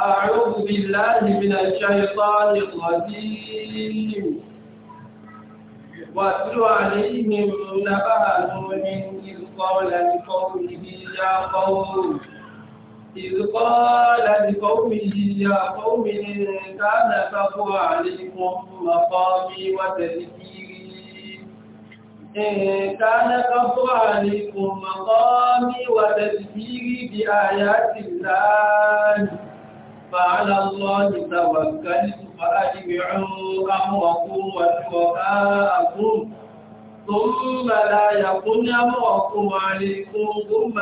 أعوذ بالله من الشيطان الرجيم واتل عليهم نبأ نوح إذ قال لقومه يا قوم إذ قال لقومه يا قوم إن كان تقوى عليكم مقامي وتذكيري إن كان تقوى عليكم مقامي وتذكيري بآيات الله فعلى الله توكلت فأجمعوا أمركم ولقاءكم ثم لا يكن أمركم عليكم ثم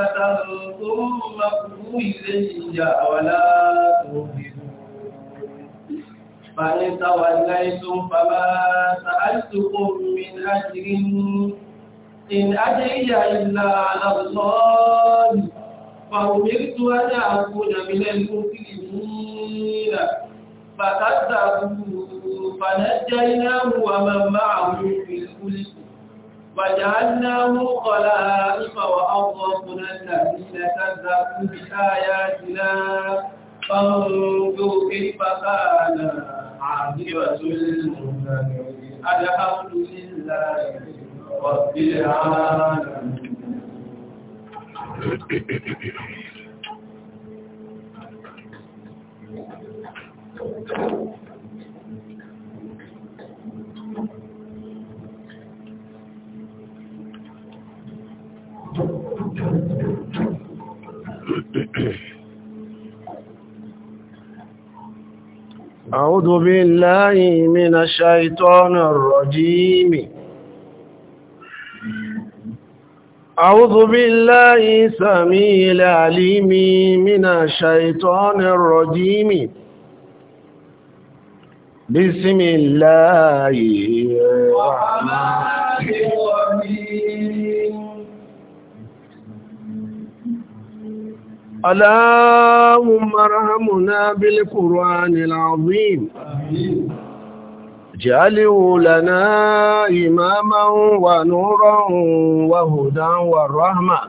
ثم قلوا إلي ولا تهزموا فإن توليتم فما سألتكم من أجر إن أجري إلا على الله فأمرت أن أكون من المؤمنين الأولى فكذبوا فنجيناه ومن معه في الفلك وجعلناه خلائف وأغرقنا الذين كذبوا بآياتنا فانظروا كيف كان عاقبة المنكرين الحمد لله رب العالمين أعوذ بالله من الشيطان الرجيم أعوذ بالله سميع عليم من الشيطان الرجيم بسم الله الرحمن الرحيم اللهم ارحمنا بالقرآن العظيم اجعله لنا إماما ونورا وهدى ورحمة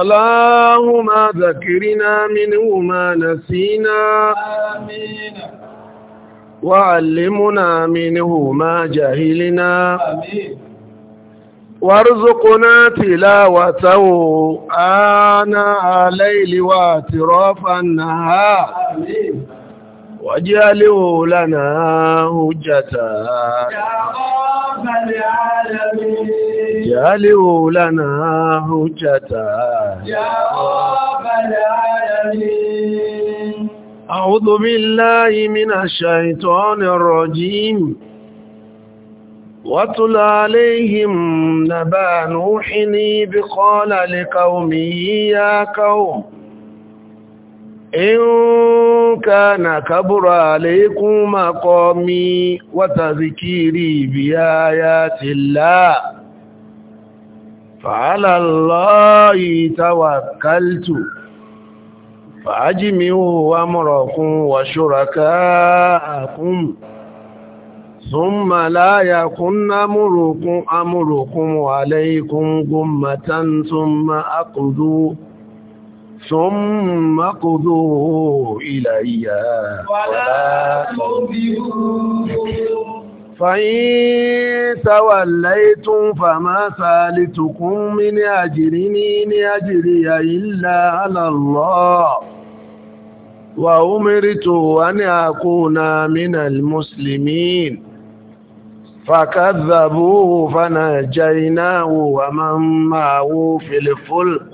اللهم ذكرنا منه ما نسينا آمين وعلمنا مِنْهُ مَا جهلنا وارزقنا تلاوته آناء الليل واتراف النهار واجعله لَنَا هجة يا رب العالمين اجعله لنا هجة يا رب العالمين أعوذ بالله من الشيطان الرجيم وَاتْلُ عليهم نَبَأَ نُوحٍ إِذْ لقومي يا قوم قَوْمِ إِن كَانَ كَبُرَ عَلَيْكُم مَّقَامِي وَتَذْكِيرِي بِآيَاتِ اللَّهِ فَعَلَى اللَّهِ فأجمعوا أمركم وشركاءكم ثم لا يكن أمركم أمركم عليكم غمة ثم أقضوا ثم قضوا إلي ولا تنبئوا فإن توليتم فما سالتكم من أجرني أجري إلا على الله wa umiritu an akuna minal muslimin fakadhabuhu fanajaynahu wa man ma'ahu fil fulk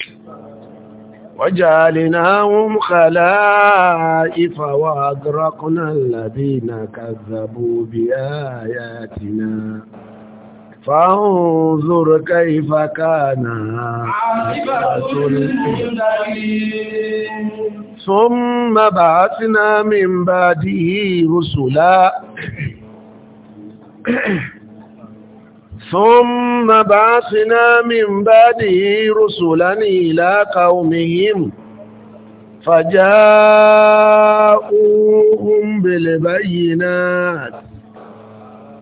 وجعلناهم خلائف وأغرقنا الذين كذبوا بآياتنا فانظر كيف كان ثم بعثنا من بعده رسلا ثم بعثنا من بعده رسلا إلى قومهم فجاءوهم بالبينات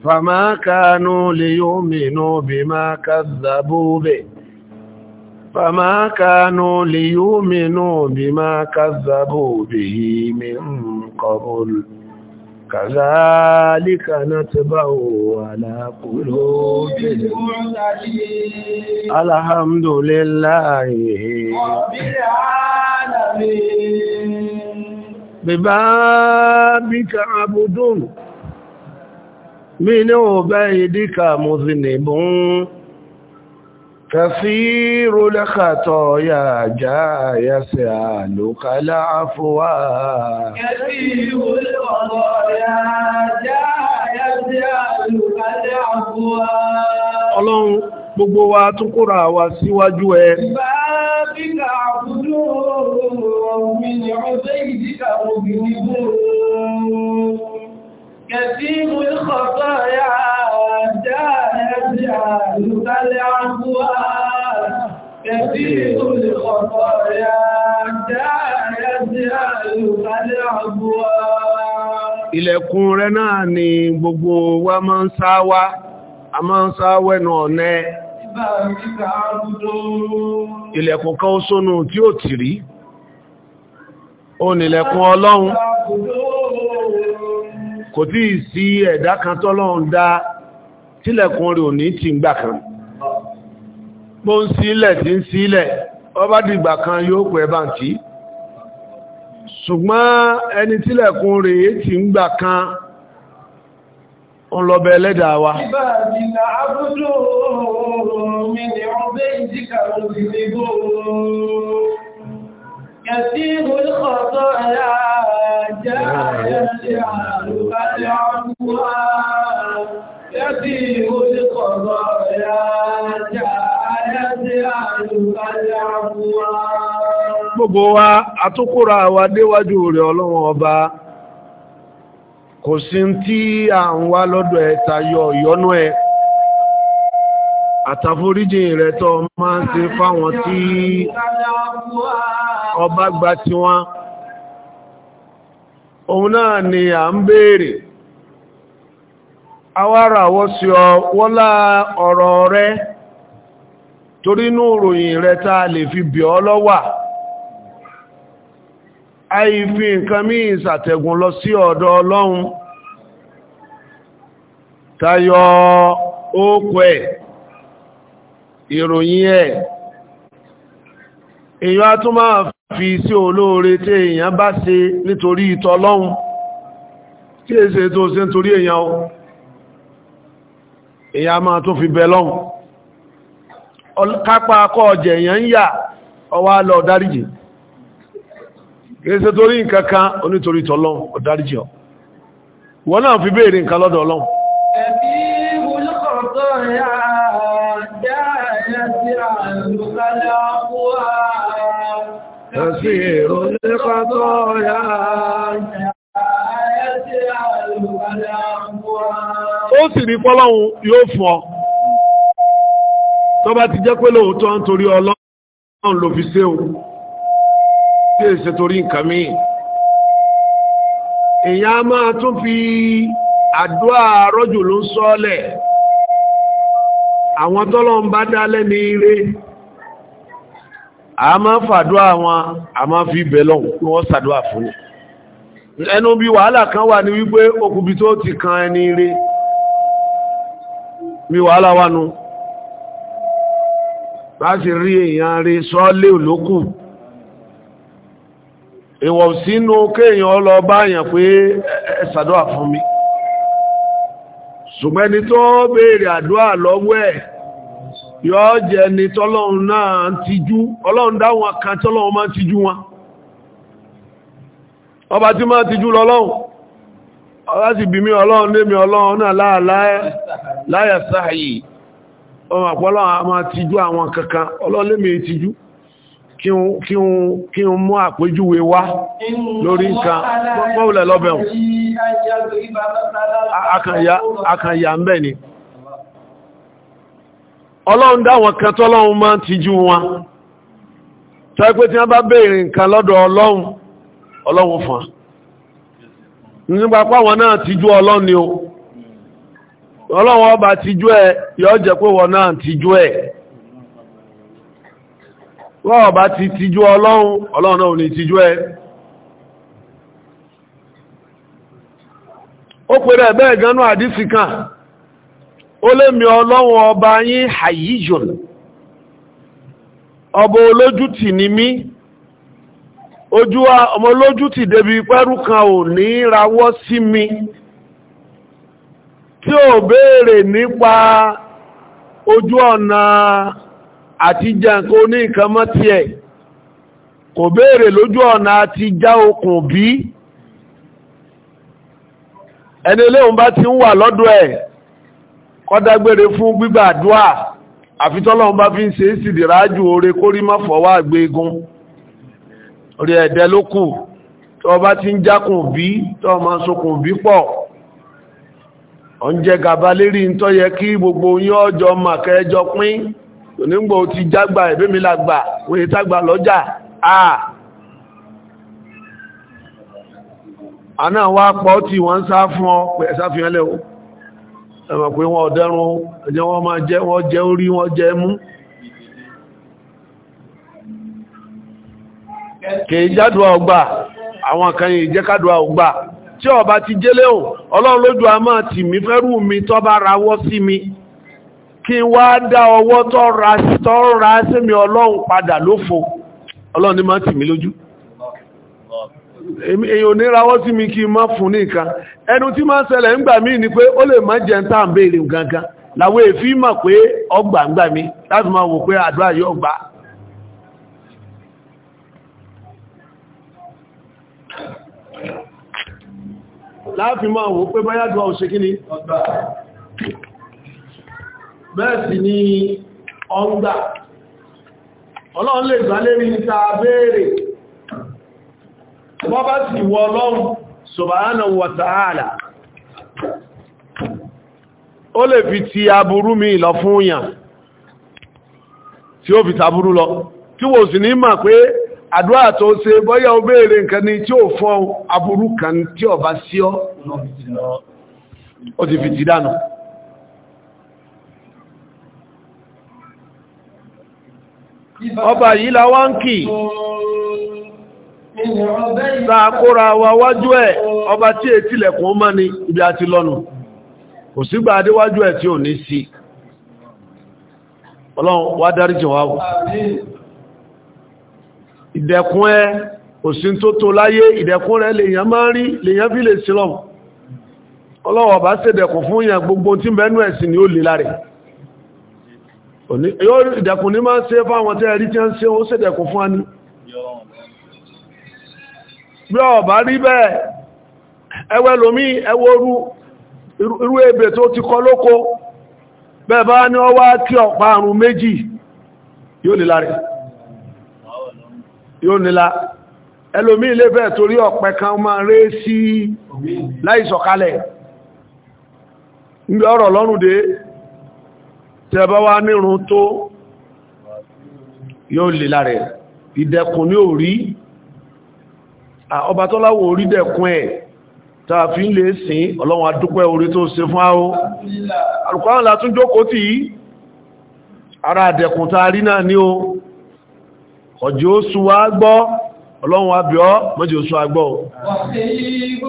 فما كانوا ليؤمنوا بما كذبوا به فما كانوا ليؤمنوا بما كذبوا به من قبل كذلك نتبع على قلوبهم الحمد لله رب العالمين ببابك عبد منه بيدك مذنب كثير الخطايا جاء يسألك العفو كثير الخطايا جاء يسألك العفو ọlọ́run gbogbo wa tún kóra wa síwájú ẹ. bá bí ká àbúrò òmìnira ọjọ́ ìdíkà obìnrin كثير الخطايا جاءت جعلك العفو كثير الخطايا جاءت جعلك العفو Ilẹ̀kùn rẹ náà ni gbogbo wa máa ń sáwá, a máa ń sáwẹ́ nà ọ̀nẹ́. Ilẹ̀kùn kan sónú tí ó tìrí, ó nílẹ̀kùn ọlọ́run kò tí ì sí ẹ̀dá kan tọ́lọ́run dá tílẹ̀kùn rẹ̀ ò ní ti ń gbà kan bó ń sílẹ̀ tí ń sílẹ̀ ọba dìgbà kan yóò pẹ̀ bá ń tí ṣùgbọ́n ẹni tílẹ̀kùn rẹ̀ ti ń gbà kan ọlọ́bẹ ẹlẹ́dàá wa Bàbá أسير الخطايا جاء جاء gbogbo wa àtúkúrà wa déwájú rẹ̀ ọlọ́run ọba kò sí tí à ń wá lọ́dọ̀ ẹ̀ta yọ ìyọ́nú ẹ̀ àtàforíjì rẹ̀ tó máa ń se fáwọn tí ọba gba ti wọ́n òun náà ni à ń béèrè awára wọ́n sí ọ wọ́lá ọ̀rọ̀ rẹ. torí inú ìròyìn rẹ̀ ta lè fi bẹ̀ ọ lọ́wà fi nǹkan mí ìsàtẹ̀gùn lọ sí ọ̀dọ̀ ọlọ́run tayọ ókù ẹ̀ ìròyìn ẹ̀ èyàn á tún máa fi sí olóore tí èyàn bá se nítorí ìtọ́lọ́hun tí è ṣe tó ṣe nítorí èyàn o èyàn máa tún fi bẹ lọ́hun kápá akọ́ ọ̀jẹ̀ èyàn ń yà ọwá lọ dáríjì torí nǹkan kan onítorí wọ́n náà fi béèrè nǹkan lọ́dọ̀ ọlọ́hun Ẹ̀bí ya تجعل أقوام تسير لخطايا ó sì rí pọ́lọ́hun yóò fún ọ ti jẹ́ pé lóòótọ́ ń torí ọlọ́run ló fi ṣe o tí èsè torí nǹkan míì èèyàn a máa tún fi àdúrà rọ́jò ló ń sọ́ọ́lẹ̀ àwọn tọ́lọ ń bá dá lẹ́ni ire a máa fàdúwà wọn a máa fi bẹ̀lọ̀ kí wọ́n sàdúwà fún ẹnu bí wàhálà kan wà ní wípé okùnbí tó ti kan ẹni ire bí wàhálà wà nù bá sì rí èèyàn rí sọ́lé olókù ìwọ̀ sínú kéèyàn lọ báyàn pé ẹ sàdúwà fún mi ṣùgbọ́n ẹni tó bèèrè àdúrà lọ́wọ́ ẹ̀ yọ́ jẹ́ ni tọ́lọ́run náà tijú ọlọ́run dáwọn kan tọ́lọ́run máa tijú wọn ọba tí máa tijú lọ́lọ́run ọba sì bí mi ọlọ́run lémi ọlọ́run náà láyà ọmọ àpọ́lọ́run máa àwọn kankan ọlọ́run lémi kí n mú àpéjúwe wá lórí nǹkan pọ́wùlẹ̀ lọ́bẹ̀un akànyà ń bẹ̀ ni ọlọ́run dáwọn kan tọ́lọ́run máa ń jú wọn tọ́ẹ́pẹ́ tí wọ́n bá béèrè nǹkan lọ́dọ̀ ọlọ́run ọlọ́run fún nígbà páwọn náà ti jú ọlọ́run ni ó. ọlọ́run ọba ti jú ẹ yọ́ jẹ́ pé wọ́n náà ti jú ẹ̀ wọ́n ọba ti tijú ọlọ́run ọlọ́run náà ní tijú ẹ ó pèrè ẹ̀bẹ́ ìganú àdísì kan ó lè mi ọlọ́run ọba yín hayijun ọba olójútì ni mí ojú ọmọ olójútì débi pẹrụ kan ò ní rawọ́ sí mi tí ò béèrè nípa ojú ọ̀nà àti jàǹkó ní nǹkan mọ́ tiẹ̀ kò béèrè lójú ọ̀nà àti já okùn bí ẹni léhun bá ti ń wà lọ́dọ̀ ẹ̀ kọ́dágbére fún gbígbà àdúà àfitọ́lọ́hun bá fi ń ṣe ìsìdìrájù oore kórí má fọwọ́ àgbégun orí ẹ̀dẹ́ ló kù tó bá ti ń jákùn bí tó máa sokùn bí pọ̀ ọ̀njẹ́ gàba lérí ń tọ́ yẹ kí gbogbo yín ọjọ́ màkẹ́jọ pín kò ní gbọ́ ti jágbà ẹ̀bí mi lágbà òye tágbà lọ́jà àà àná wá pọ̀ tí wọ́n sá fún ọ pẹ̀ sáfihàn lẹ́wọ́ ẹ̀mọ̀ pé wọ́n ọ̀dẹ́rún ẹjẹ́ wọ́n máa jẹ́ wọ́n jẹ́ orí wọ́n jẹ́ mú kèé jádùá ọgbà àwọn kan yìí jẹ́ kádùá ọgbà tí ọba ti jẹ́lé ò ọlọ́run lójú a máa tì mí fẹ́rù mi tọ́ bá rawọ́ sí mi kí wá dá ọwọ́ tó ra sí mi ọlọ́run padà lófo ọlọ́run ní tì mí lójú sí mi kí fún ní ẹnu tí máa ń ṣẹlẹ̀ ńgbà ni pé ó lè máa jẹ́ ń tàn gangan láwọ́ èéfí pé ọgbà ńgbà mi láti máa wò pé bẹ́ẹ̀ ni ọgbà ọlọ́run lè gbà lérí níta béèrè wọ́n bá sì wọ ọlọ́run subhanahu wa ta'ala ó lè fi ti aburú mi lọ fún ya tí ó fi taburú lọ tí wò sí ní mà pé àdúrà tó ṣe bọ́yá o béèrè nǹkan ni tí ó fọ́ aburú kan tí ó bá sí ọ́ ó ti fi ti ọba yìí la wá ń kì sàkóra wa wájú ẹ̀ ọba tí ètí e lẹ̀kùn ó mọ́ni ibi àti lọ́nu kò sígbà adéwájú ẹ̀ tí ò ní sí ọlọ́run wá dáríjì wá wù ìdẹ̀kùn ẹ òsìn tó tó láyé ìdẹ̀kùn rẹ lèyàn máa rí lèyàn fi lè ọlọ́wọ̀ bá ṣèdẹ̀kùn fún yàn gbogbo tí mẹ́nu ẹ̀sìn ni ó lè lára ìdẹ̀kùn ní máa ń ṣe fáwọn tẹ́ rí tí ó ń ṣe ó ṣèdẹ̀kùn fún ẹni bí ó bá rí bẹ́ẹ̀ ẹwẹ́ lómi ẹwọ́ irú ebè tó ti kọ lóko bẹ́ẹ̀ bá ní ọwá kí ọ̀pá àrùn méjì yóò nílá rẹ̀ yóò nílá ẹlòmí ilé bẹ́ẹ̀ torí ọ̀pẹ kan máa rẹ́ sí láìsọ̀kalẹ̀ ń bí ọ̀rọ̀ lọ́rùn dé tí ẹ bá wá nírun tó yóò lè lára ìdẹ̀kùn ní orí ọba tó láwọ̀ orí dẹ̀kùn ẹ̀ tàà fi ń lè sìn ọlọ́run adúpẹ́ orí tó ṣe fún áó alùkọ́rùn látún jókòó tí ara àdẹ̀kùn tàà rí náà ní o ọjọ́ oṣù wa gbọ́ ọlọ́run abíọ́ mọ́jọ́ oṣù wa gbọ́ Wàfíìgbò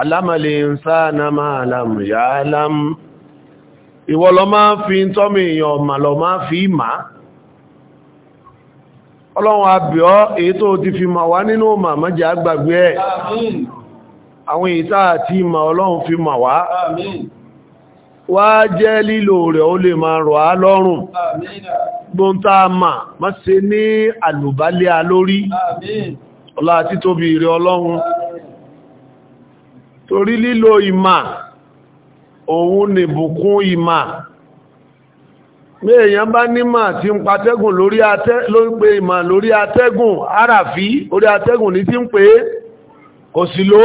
alámàlè ń sáànà máa lámù yà lámù ìwọ lọ máa fi ń tọ́mì èèyàn ọmà lọ máa fi ìmá ọlọ́run àbíọ́ èyí tó ti fi ma wá nínú ọmà mọ́jẹ́ àgbàgbé ẹ̀ àwọn èyí táà tí ma ọlọ́run fi ma wá wá jẹ́ lílò rẹ̀ ó lè máa rọ̀ á lọ́rùn gbóntá má ṣe ní àlùbálẹ́ lórí ọlá títóbi rẹ̀ ọlọ́run torí lílo ìmà òun nìbùkún ìmà méèyàn bá nímà tí ń patẹ́gùn lórí atẹ́ ló ń pe ìmà lórí atẹ́gùn àràfí orí atẹ́gùn ní tí ń pé kò sí ló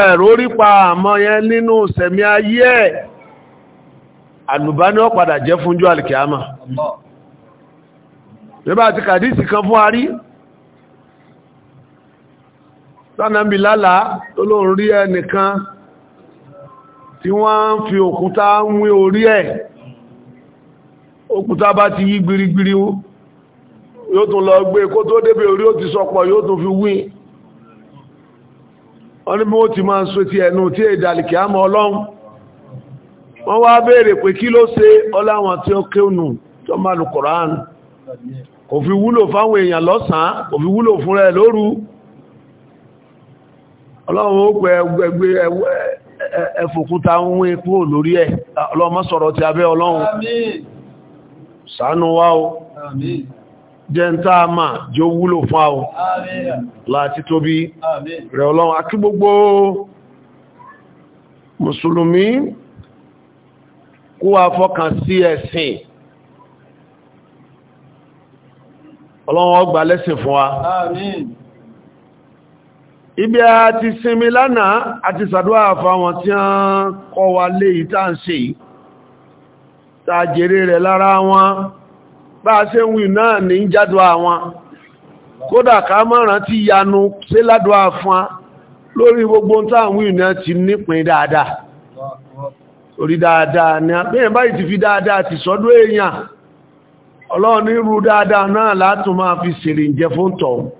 ẹ̀rọ orípa àmọ́ yẹn nínú sẹ̀mí ayé ẹ̀ àlùbáni ọ̀padà jẹ́ fúnjú alìkìámà nígbà kàdísì kan fún arí tánàbí lálá tó ló ń rí ẹnìkan tí wọ́n ń fi òkúta ń wé orí ẹ̀ òkúta bá ti yí gbirigbiri yóò tún lọ gbé kó tó débè orí ó ti sọpọ̀ yóò tún fi wí wọ́n ní bí wọ́n ti máa ń so ti ẹnu tí èdàlìkì á ọlọ́run wọ́n wá béèrè pé kí ló ṣe ọláwọn tí ó kéwùnù tó máa lù kọ̀ránù kò fi wúlò fáwọn èèyàn lọ́sàn-án kò fi wúlò fún rẹ̀ lóru ọlọ́run ó pẹ ẹgbẹ́ ẹfòkúta ń wé kúrò lórí ẹ̀ ọlọ́mọ sọ̀rọ̀ ti abẹ́ ọlọ́run ṣàánú wa o jẹntá àmà jẹ́ wúlò fún àwọ̀ láti tóbi rẹ̀ ọlọ́run akí gbogbo mùsùlùmí kó wá sí ẹ̀sìn ọlọ́run ó lẹ́sìn fún wa ibi a ti sinmi lánàá àti sàdúwà fáwọn tí a ń kọ́ wa lé ìta ń ṣe ta jèrè rẹ̀ lára wọn bá a ṣe ń wì náà ní jádùá wọn kódà ká mọ́ràn ti yanu sí ládùá fún lórí gbogbo táwọn ìrìnà ti nípin dáadáa ni àpéyàn báyìí ti fi dáadáa ti sọ́dọ̀ èèyàn ọlọ́run ní irú dáadáa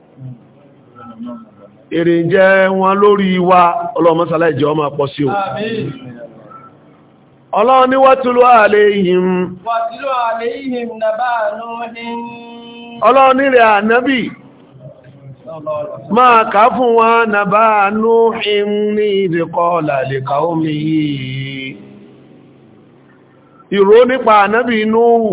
èrè jẹ́ wọn lórí wa ọlọ́mọ́sálá ìjẹ́ ọmọ pọ̀ sí o ọlọ́run ní wọ́túlú àléhìn ọlọ́run rẹ̀ ànábì máa ká fún wọn nàbà núhìn ní ìdíkọ́ làlẹ̀kà omi yìí ìró nípa ànábì núhù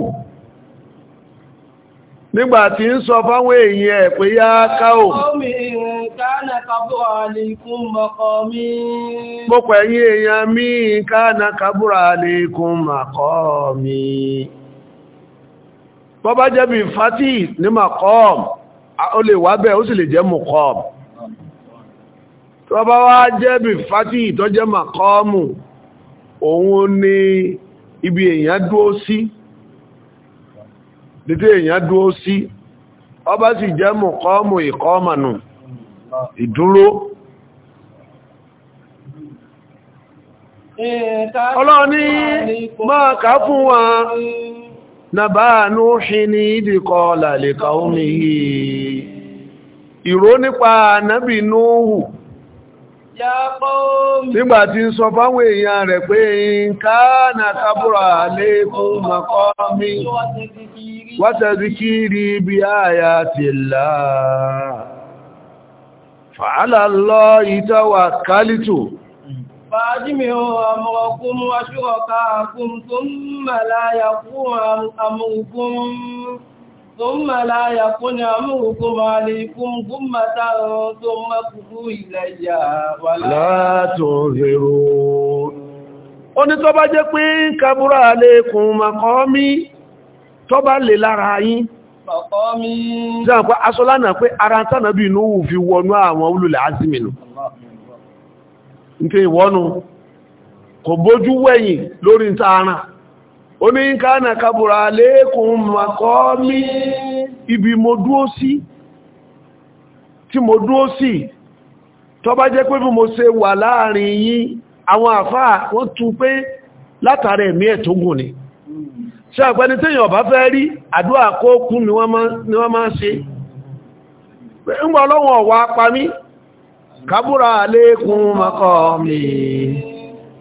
nígbàtí ń sọ fáwọn èèyàn ẹ̀ pé yá káò omi Gbogbo ẹ̀yin èèyàn mi káàna kàbúrà alaykum maqami. Bọ́ bá jẹ́ bí fàtí ní maqam, ó lè wà bẹ́ẹ̀ ó sì lè jẹ́ muqam. Tọ́ bá wá jẹ́ bí fàtí tó jẹ́ maqamu, òun ni ibi èèyàn dúó sí. Dídé èèyàn dúó sí, ọba sì jẹ́ muqamu ìkọ́mànù ìdúró ọlọ́run ní máa ká fún wa nàbà núhì ní ìdíkọ làlẹ̀kà omi ìró nípa nábì núhù nígbà tí ń sọ fáwọn èèyàn rẹ̀ pé ń na kábùrà léèkún makọ́ mi wátẹ̀ zikiri bí áyà tìláà fàálà lọ ìtawà kálítù fàájímìhò àmọ̀rọ̀kún aṣúrọ̀ká àkún tó mẹ́lá yàkún àmúrùkún àlèkún gúnmọ̀tà tó mẹ́kùnkú ìlẹ̀yà wà látún ó ní tó jẹ́ pé kàbúrà àlèkún mọ̀kọ́ mí tó lè lára yín jẹ́ pé aṣọ lánàá pé ara tánà bí inú wù fi wọnú àwọn olùlẹ̀ aziminu nke ìwọ́nu kò bójú wẹ̀yìn lórí tààrà ó ní kánà kàbùrà lẹ́ẹ̀kùn makọ́ mi ibi mo dúó sí tí mo dúó sí tó bá jẹ́ pé bí mo ṣe wà láàrin yí àwọn àfáà wọ́n tún pé látàrí ẹ̀mí ẹ̀ tó gùn ni ṣe àpẹni tí èyàn bá fẹ́ rí àdúrà kó kún ni wọ́n máa ṣe ńgbọ́ ọlọ́wọ̀n ọ̀wà kábúrà makọ́ mi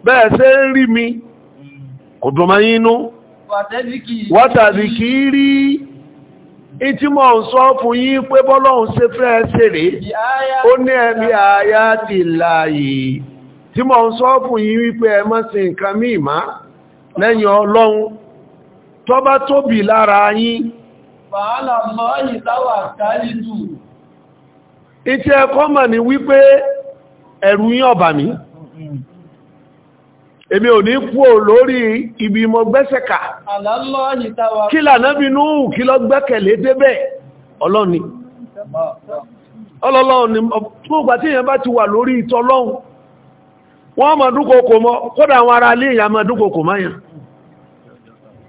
bẹ́ẹ̀ ṣe ń rí mi kò dùn máa yínú wátàbí kì í rí ìtí mọ̀ ń sọ fún pé bọ́lọ́hun ṣe fẹ́ ṣeré ó ní ẹ̀mí ti láàyè tí ń sọ fún wípé ẹ nǹkan tó bá tóbi lára yín fàálà mọ́ ìdáwà kálìtù ìtí mọ̀ ní wípé ẹ̀rù yín ọ̀bà mi èmi ò ní kú ò lórí ibi mọ gbẹ́sẹ̀kà kí núhù kí lọ gbẹ́kẹ̀lé débẹ̀ ọlọ́ni mọ̀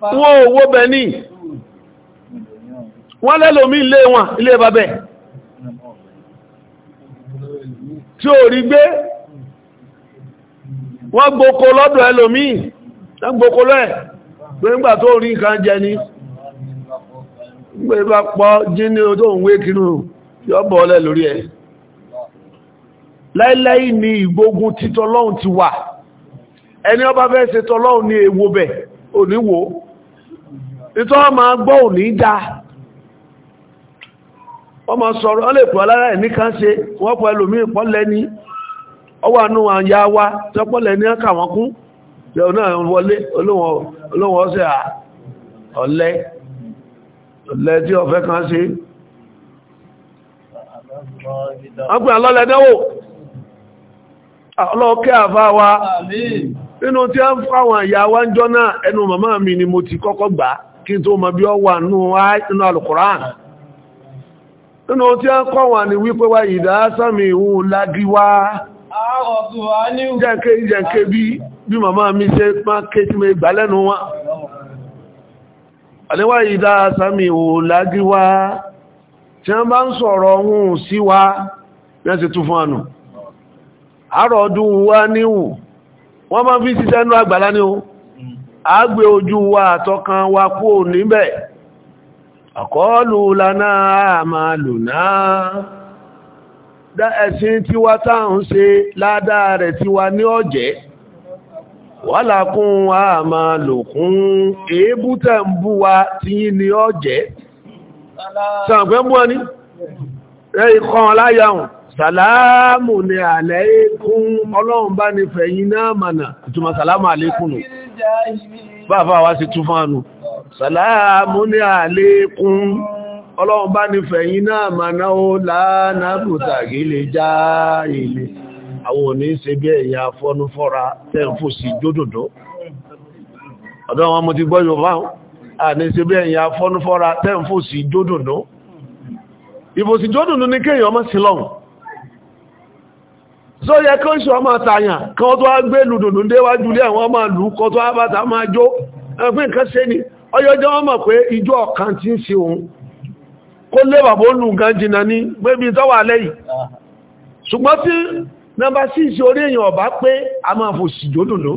wọ́n owó bẹ ní wọ́n lẹ́lòmí ilé wọn ilé babẹ̀ tí ò rí gbé wọ́n gboko lọ́dọ̀ ẹlòmí wọ́n gboko lọ́ ẹ̀ pé nígbà tó rí nǹkan jẹ ní gbẹ̀rẹ̀ bá pọ̀ jí ní o tó ń wé kínú yọ́bọ̀ ọlẹ́ lórí ẹ̀ láíláí ni ìgbógun títọ́lọ́hun ti wà ẹni ọba fẹ́ ṣe tọ́lọ́hun ní èwo bẹ̀ òníwò ìtọ́ ọmọ gbọ́ ò ní dá ọmọ sọ̀rọ̀ ọ lè pọ̀ alára ẹ̀ nìkan ṣe wọ́n pọ̀ ẹlòmí ìpọ́lẹ̀ ní ọwà nù àyà wa tẹ́pọ̀lẹ̀ ní ọkà wọn kún náà wọlé olóhun ọ̀sẹ̀ ọ̀lẹ́ ọ̀lẹ́ tí ọ̀fẹ́ kan ṣe ọgbìn alọ́lẹ̀ náwó ọlọ́ọ̀kẹ́ àfá tí a ń fáwọn àyà wa ń jọ náà ẹnu màmá mi ni mo ti kọ́kọ́ gbàá kí tó bí ọ wà nínú alùkùrán tí a kọ́ wà ní wípé wá ìdásánmi ìhun lágíwá jẹ́ǹkẹ́ ìjẹ́ǹkẹ́ bí màmá mi ṣe máa ké tí mo gbà wá àníwá ìdásánmi ìhun lágíwá tí wọ́n bá ń sọ̀rọ̀ ohun sí ti tún fún ànù wọ́n máa fi agbe ojú wa àtọkàn wa kú níbẹ̀ àkọọ́lù lana àmàlùná dá ẹ̀sìn tí wá táhùn ṣe ládáa rẹ̀ tí wá ní ọ̀jẹ́ wálàkún àmàlùkún èébú tẹ̀ ń bú wa tí yí ní ọ̀jẹ́ sàǹpẹ́ mú ọ ní rẹ̀ ikọ̀ láyàun sàlámù ní àlẹ́ ikún ọlọ́run bá ní fẹ̀yìn náà mànà ìtumọ̀ sàlámù àlékún bàbá wa sì tún fánú sàlámù ní àlékún ọlọ́run bá ní fẹ̀yìn náà màná ó lánàbùtà gílé já ilé àwọn òní ṣe bí ẹ̀yà fọ́nú fọ́ra tẹ́ǹfò sí jódòdó ọ̀dọ́ wọn mo ti gbọ́ yorùbá àní ṣe bí ẹ̀yà fọ́nú so yẹ kí oṣù ọmọ àtàyàn kan tó wá gbé lùdùdù déwájú lé àwọn ọmọ ìlú kan tó wá bàtà máa jó ẹgbẹ́ nǹkan ṣe ni ọyọ́jọ́ wọ́n mọ̀ pé ìjọ ọ̀kan ti ń ṣe òun kó lé bàbá olù gan jìnà ní gbébí tọ́wà lẹ́yìn ṣùgbọ́n tí nọmba sí ìṣẹ́ orí èèyàn ọ̀bá pé a máa fòsì jódùnú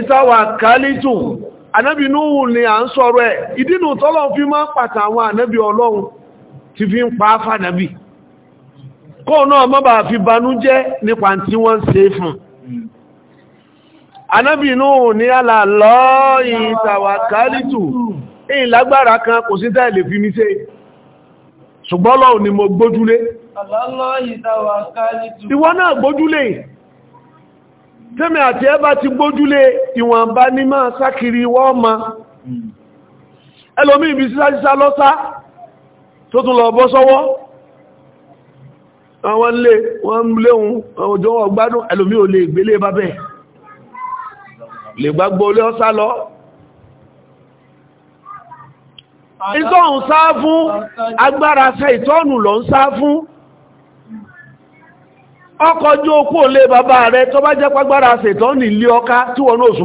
ìtawà kálítùn ànábì núhù ni à ń sọ̀rọ̀ ẹ̀ ìdínú tọ́lọ̀ fi máa pàtà àwọn ànábì ọlọ́run ti fi ń pa fànábì kó náà má bàa fi banújẹ́ nípa tí wọ́n ṣe fún ànábì núhù ní alàlọ́ ìtàwàkálìtù ìlágbára kan kò sí tẹ́lè fi mi ṣe ṣùgbọ́n Ọlọ́run ni mo gbójúlé ìwọ náà gbójúlé tẹ́mì àti ẹbá ti gbójúlé ìwọ̀nba ní máa sákiri wọ́n ma ẹlòmí ibi sísá sísá lọ́sá tó tún lọ bọ́ sọ́wọ́ àwọn ilé wọ́n léhun òjò ọgbádùn ẹlòmí ò lè gbélé bábẹ̀ lè gbágbó olé ọ́sá lọ ìtọ́ ń sá fún agbára ṣe ìtọ́nù lọ ń sá fún ọkọ̀ ojú okú ò rẹ tó bá jẹ́ pàgbára ṣètọ́ ní ilé ọká tí wọ́n ní oṣù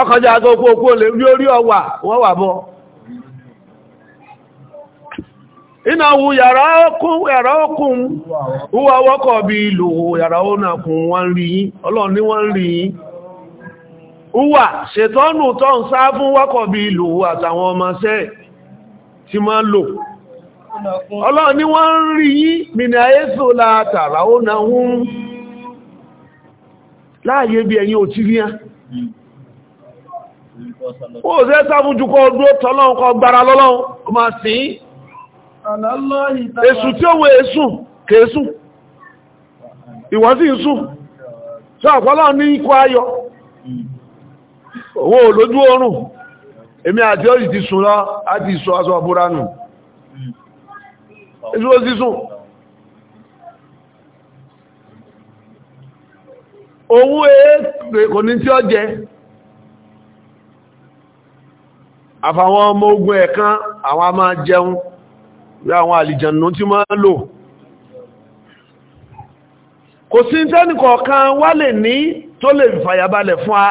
ọkọ̀ àgọ́ okú okú rí orí ọwà wọ́n wà bọ́ iná wu yàrá okùn wúwa wọ́kọ̀ bí ìlò yàrá onàkùn wọ́n rí yín fún wọ́kọ̀ bí àtàwọn ọmọ ọlọ́run ni wọ́n ń rí yí mìnà ẹ́sù látàrà ó na hún láàyè bí ẹ̀yìn òtí rí ó ṣe sáfúnjúkọ́ ọdún tọ́lọ́run kọ gbára lọ́lọ́run o máa sí èsù tí ó wé èsù kèésù ìwọ́n sí ìsù sọ ọ̀pọ̀lọ́run ní ikú ayọ̀ owó olójú oòrùn èmi àti ọ́yì ti sùn lọ á sọ aṣọ àbúránù ìṣúró sísùn owó èé kò ní tí ó jẹ àfàwọn ọmọ ogun ẹ̀kan àwọn a máa jẹun rí àwọn àlìjànà tí máa ń lò kò sí tẹ́nìkọ̀ọ̀kan wá lè ní tó lè fàyàbalẹ̀ fún a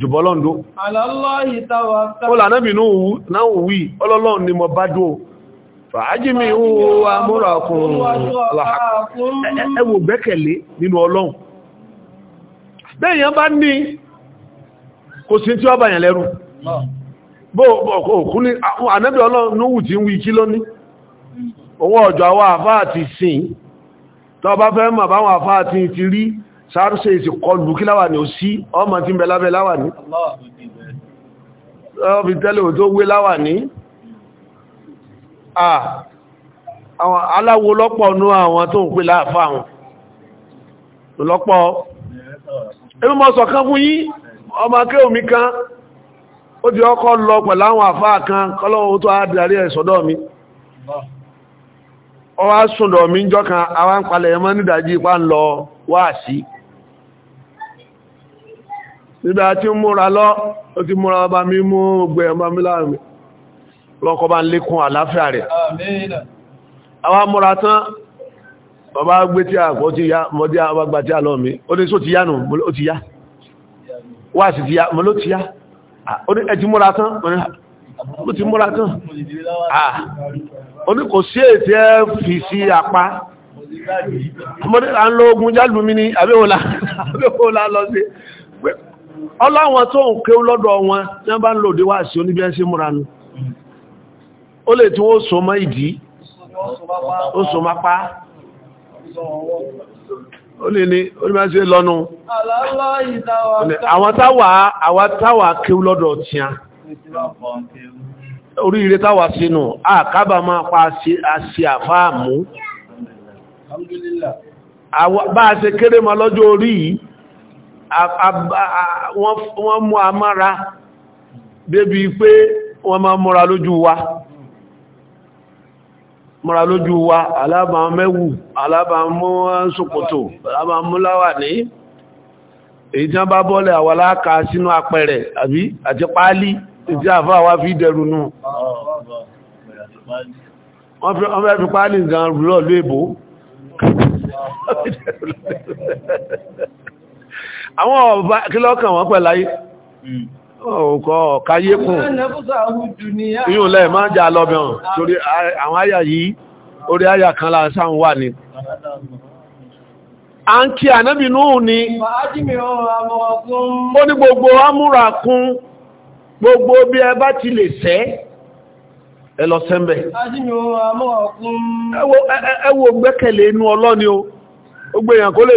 jùbọ́lọ́ndó alálọ́ ìtawà fàájìmí owó amúrakùn ẹwò gbẹ́kẹ̀lé nínú ọlọ́run bẹ́yàn bá ní kò sí tí ó bàyàn lẹ́rù bó ọkọ̀ ní ànábì ọlọ́run níwù tí ń wí kí lóní owó ọjọ́ àwọn àfáà ti sìn tó bá fẹ́ mọ̀ báwọn àfáà ti ti rí sáàrùsẹ̀ ìsì kọlù kí láwà ní ó sí ọmọ tí ń bẹ lábẹ́ láwà ní àwọn aláwo lọ́pọ̀ ní àwọn tó ń pè láàfà àwọn lọ́pọ̀ ẹnu mọ́ sọ̀kan fún yí ọmọ akẹ́ omi kan ó di ọkọ̀ lọ pẹ̀lú àwọn àfá kan kọ́lọ́wọ́ tó ádìrí ẹ̀ sọ́dọ̀ mi ọ wá sùndọ̀ mi ń jọ́kan àwọn palẹ̀ ẹmọ́ nídàjí ipá ń lọ wáàsí nígbà tí múra lọ ó ti múra bá mi mú gbẹ̀ẹ́ bá mi láàrin lọ́kọ́ bá ń lékún àláfíà rẹ̀ àwọn amúra tán bàbá gbé tí a kọ́ ti ya mọ́dí àwọ́gbà tí a lọ mi ó ní só ti yá nù ó ti yá wà sí ti yá mọ́ ló ti yá ó ní ẹ ti múra tán ó ti múra tán ó ní kò sí ètí ẹ fi sí apá mọ́dí à ń lo ogun jálù mi ní àbẹ́wòlá lọ sí ọlọ́wọ́n tó ń ké ó lè tí wọ́n so mọ́ ìdí ó so má pa ó lè ní onímọ̀sí lọ́nu àwọn táwà àwọn táwà kíw lọ́dọ̀ tí a oríire táwà sínú àkábà máa pa àṣì àfáàmú bá a ṣe kéré ma lọ́jọ́ orí wọ́n mú a mára débi pé wọ́n máa múra lójú wa mọ́ra lójú wa alábàámẹ́wù alábàámọ́sòkòtò alábàámúláwàní èyí tí wọ́n bá bọ́lẹ̀ àwọláka sínú apẹ̀rẹ̀ àbí àti páálí tí a wá fi dẹrù nù wọ́n fẹ́ fi páálí gan rúlọ̀ lóèbó àwọn ọ̀bá kílọ́kàn wọ́n pẹ̀láyé hmm. òkọ́ káyékùn yíò lẹ́ máa jà lọ́bẹ̀ọ̀n torí àwọn àyà yìí orí àyà kan wà ní a ń kí ànábì Nuhu ni ó ní gbogbo amúra gbogbo bí ẹ bá ti lè sẹ́ ẹ lọ sẹ́mbẹ̀ ẹ wo inú ọlọ́ni o ó kó lè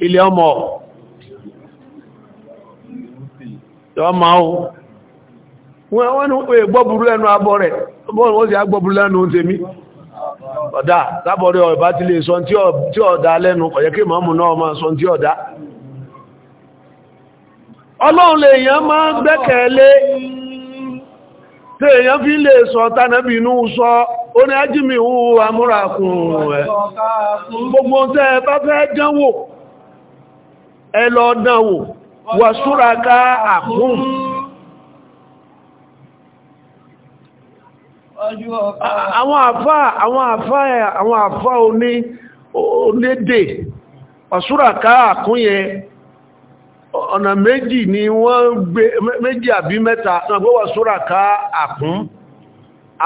ilé ọmọ ọmọ o wọ́n ní pé gbọ́bùrú ẹnu abọ́ rẹ̀ wọ́n sì agbọ́bùrú lẹ́nu ń tèmi ọ̀dá lábọ̀rẹ̀ ọ̀bá ti lè sọ tí ọ̀dá lẹ́nu ọ̀yẹ́kí mọ́mù náà máa sọ tí ọ̀dá ọlọ́run lè èèyàn máa gbẹ́kẹ̀lé tí èèyàn fi ẹ lọ dánwò wà súraká àkún àwọn àfá àwọn àfá àwọn àfá oní olédè ọ̀súraká àkún yẹn ọ̀nà méjì ni wọ́n gbé méjì àbí mẹ́ta náà gbé wàsúraká àkún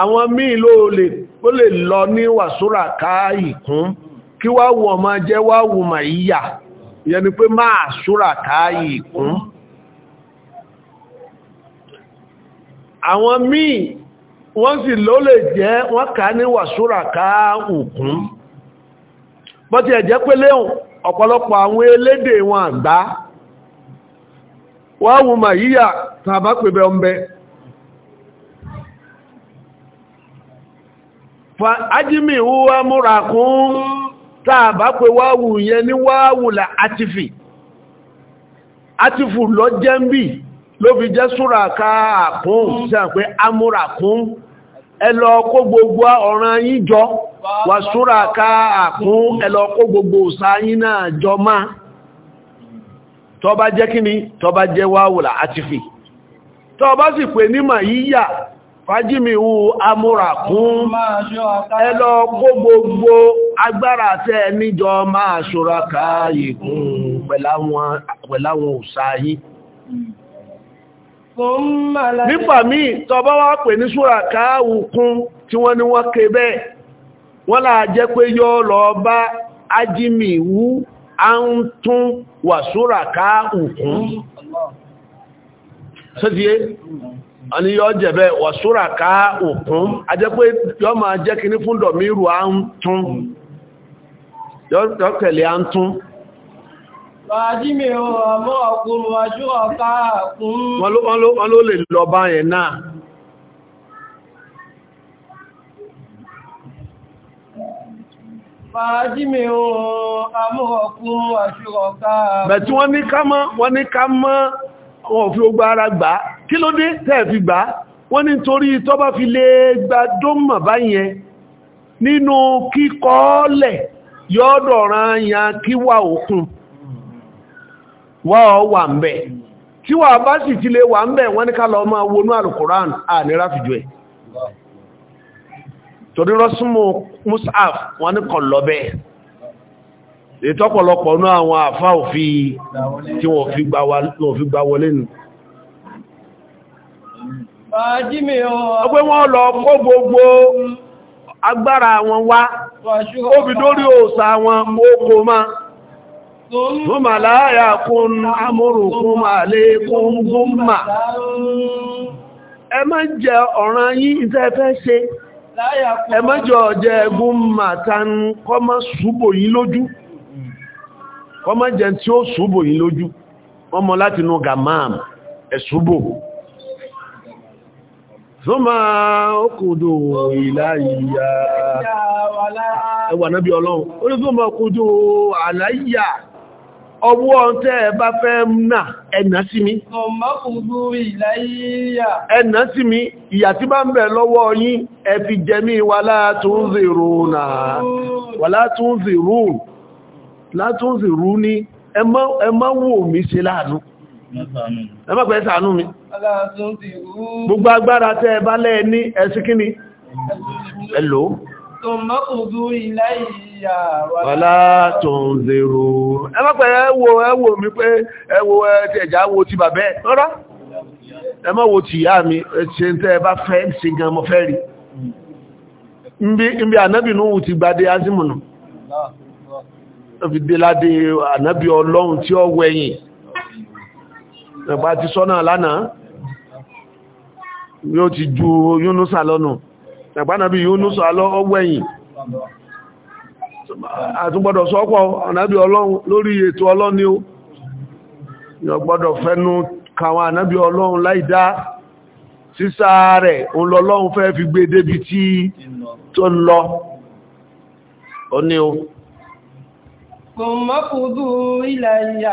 àwọn míì ló lè lè lọ ní wàsúraká ìkún kí wá wọ̀ máa jẹ́ wá wùmà yíyà ìyẹn ni pé máa ṣúra káàyì kún àwọn míì wọ́n sì ló lè jẹ́ wọ́n ká ní wà ṣúra káàkù kún bọ́tí ẹ̀jẹ́ pé léhùn ọ̀pọ̀lọpọ̀ àwọn elédè wọn àgbá wọ́n wù mà yíyà tàbá pẹ̀bẹ̀ ọmọbẹ̀ fa ajími wúwá múra kún tàbá pé wáwù yẹn ní wáwù là átífì átífù lọ jẹ́ ń bì ló fi jẹ́ súra káàkún sí à pé amúrakún ẹlọ kó gbogbo ọ̀ràn yín jọ wà súra káàkún ẹlọ kó gbogbo òsáyín náà jọ máa tọba jẹ́ kíni tọba jẹ́ wáwù là átífì tọba sì pè ní màyíyà fàájìmìwú amúrakún ẹlọ kó agbára tẹ́ níjọ máa ṣòra káàyè kún pẹ̀láwọn yìí. nípa míì tọba wá pè ní ṣúra káàwù kún tí wọ́n ní wọ́n ké bẹ́ẹ̀ wọ́n láà jẹ́ pé yọ́ lọ bá a ń tún wà ṣúra káàwù kún àní yọ jẹ̀bẹ̀ wàsúrà ká òkun a jẹ́ pé yọ ma jẹ́ kí ní fún dọ̀míru à ń tún yọ tẹ̀lé à ń tún wọ́n ló lè ọkùnrin bá yẹn náà wọ́n ní ká mọ́, wọ́n ní mọ́ wọn fi ogbà ara gbà kí ló dé tẹ́ẹ̀ fi gbà wọ́n ni torí tó bá fi lè gba dómà báyẹn nínú òkun wà ọ wà ń bẹ̀ tí wà bá sì ti lè wà ń bẹ̀ wọ́n ni ká lọ máa wọnú à lọ bẹ́ẹ̀ ìtọ́pọ̀lọpọ̀ ní àwọn àfá òfin tí wọ́n fi gbà wọlé nù ọgbẹ́ wọ́n lọ kó gbogbo agbára wọn wá óbi dórí òòsà wọn mọ́kò ma tó mà láàyà kún amúrùkún mà lè kún gúnmà ẹ má jẹ ọ̀ràn yín ìtẹ́fẹ́ ṣe ẹ má jẹ ọ̀jẹ̀ gúnmà tán kọ́ mọ́ ṣùgbò yín lójú kọmọ jẹ tí ó ṣúbò yìí lójú wọ́n mọ́ láti inú gamam ẹ̀ṣúbò tó máa okùdò ìlà ìyà ẹwà náàbí ọlọ́run ó ní tó máa okùdò àláyà ọwọ́ tẹ́ ẹ bá fẹ́ náà ẹ̀nà sí mi ẹ̀nà sí mi ìyà tí bá ń bẹ lọ́wọ́ yín ẹ fi wà látún zèrò náà látún sì rú ní ẹmọ́ wò mí ṣe láàánú ẹmọ́ pẹ̀ ṣàánú mi gbogbo agbára tẹ́ ẹ bá lẹ́ ní ẹ̀sí kíní ẹ̀lò Wàlá tó ń zèrò. Ẹ mọ́ pẹ̀ mi pé ẹwò ẹ̀tì ẹ̀já wo ti bàbẹ́ rọ́rọ́. Ẹ wo ti ìyá mi, ṣe ń tẹ́ ẹ bá fẹ́ ṣe gan mọ́ fẹ́ rí. Ń ànábìnú ti gbádé azimunu fi dé ládé ànábí ọlọ́run tí ó wẹ̀yìn ẹ̀bá ti sọ́nà lánàá yóò ti ju yúnúsà lọ́nà ẹ̀bá náà bí yúnúsà lọ ọwẹ́yìn àtúgbọ́dọ̀ sọ́pọ̀ ànábí ọlọ́run lórí ètò ọlọ́run ni ó gbọ́dọ̀ fẹ́nu kàwọn ànábí ọlọ́run láìdá sísá rẹ̀ òun lọ́lọ́run ثم قضوا إلي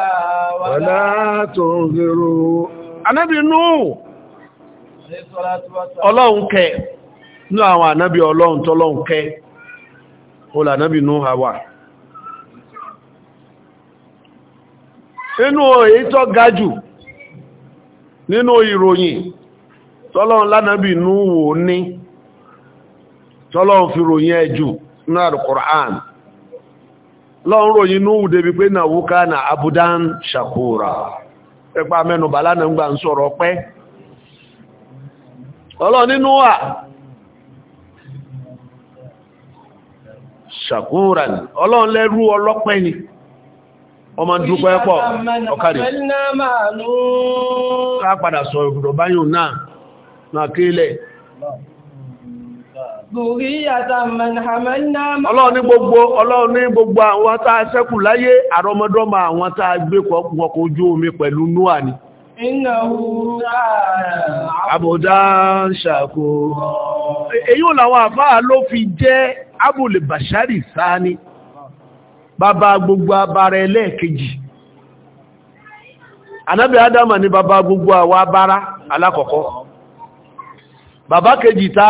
Ọlọ́run kẹ ní àwọn ànábì Ọlọ́run kẹ olà ànábì àwà inú èyí tó ga jù nínú ìròyìn tọ́lọ́run lánàbì wò ní tọ́lọ́run fi ròyìn ẹjù ní quran lọ́n ròyìn núhù débi pé náwó na abudan shakura pẹ́pà mẹ́nubà na gbà ń sọ̀rọ̀ pẹ́ ọlọ́ni núhù shakura ní ọlọ́run lẹ́rú ọlọ́pẹ́ ni ọmọ dúpẹ́ pọ̀ ọkàrí ká padà sọ ìgbòdò báyìí náà náà Ọlọ́run ní gbogbo ọlọ́run ní gbogbo àwọn tá a ṣẹ́kù láyé àrọmọdọ́mọ àwọn tá a gbé ọkọ̀ ojú omi pẹ̀lú Núà ni. Àbòdá ń ṣàkó. Èyí ò àfáà ló fi jẹ́ Bàṣárì bàbá gbogbo abara ẹlẹ́ẹ̀kejì. Ànábì Ádámà ni bàbá gbogbo àwọn abara alákọ̀ọ́kọ́. Bàbá kejì ta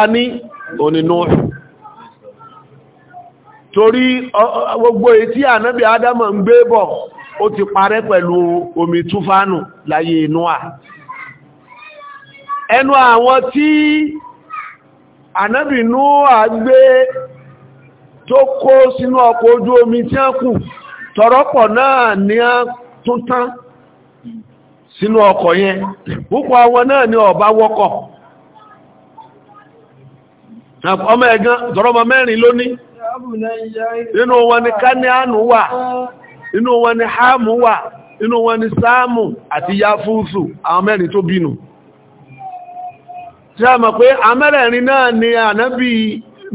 oní Nuh torí gbogbo etí ànábì Ádámù n gbé bọ̀ ti parẹ́ pẹ̀lú omi tufanu laye Noah ẹnu àwọn tí ànábì Noah gbé tó kó sínú ọkọ̀ ojú omi ti a ku tọ̀rọpọ̀ náà ni a tún tán sínú ọkọ̀ yẹn púpọ̀ àwọn náà ni ọba wọ́kọ̀ ọmọ ẹ̀gán tọ́rọmọ mẹ́rin lónìí inú wọn ni káníánù wà inú wọn ni háàmù wà inú wọn ni sáàmù àti yáfúúsù àwọn mẹ́rin tó bínú tí a mọ̀ pé amẹ́rẹ̀rin náà ni ànábí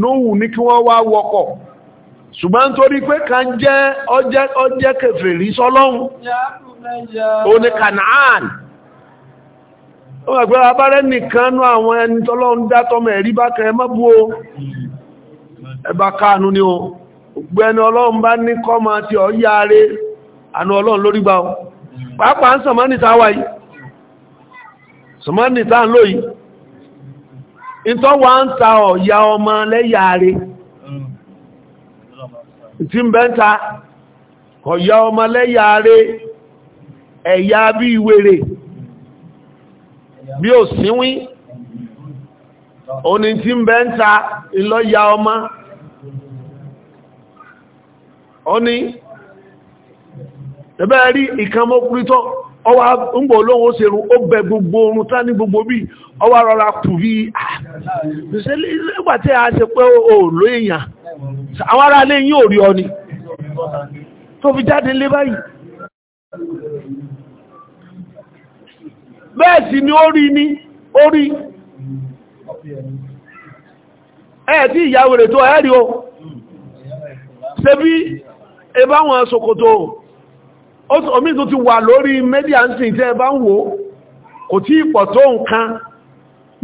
Núhù ní kí wọ́n wá wọkọ̀ ṣùgbọ́n torí pé kan jẹ́ ọjẹ́ kèfèrí sọ́lọ́hun ó ní Kànáàn ó gbàgbé abárẹ́ nìkan nú àwọn ẹni tọ́lọ́ ń dátọ́mọ̀ ẹ̀rí bákan ẹ mọ́bú o ẹba káànú ni o ọlọ́run bá ní kọ́mọ tí ọ yáre àánú ọlọ́run lórí gbá o pàápàá bí ò síwín òní tí ń bẹ ń ta ya ọmọ òní ẹ̀bẹ́ rí ìkàmọ́kúrítọ́ ọwà ń bọ̀ lóhun ó bẹ gbogbo oorun tá ní gbogbo bí ọwà rọra kù bí ah, nígbàtí a o bẹ́ẹ̀ sì ni ó rí ní orí ẹ̀ tí ìyàwó rẹ̀ tó ẹ̀rí o ṣe bí ẹbáwọn ṣòkòtò omi tó ti wà lórí media ń sìn tẹ́ ẹbá ń wò kò tí ìpọ̀ tó nǹkan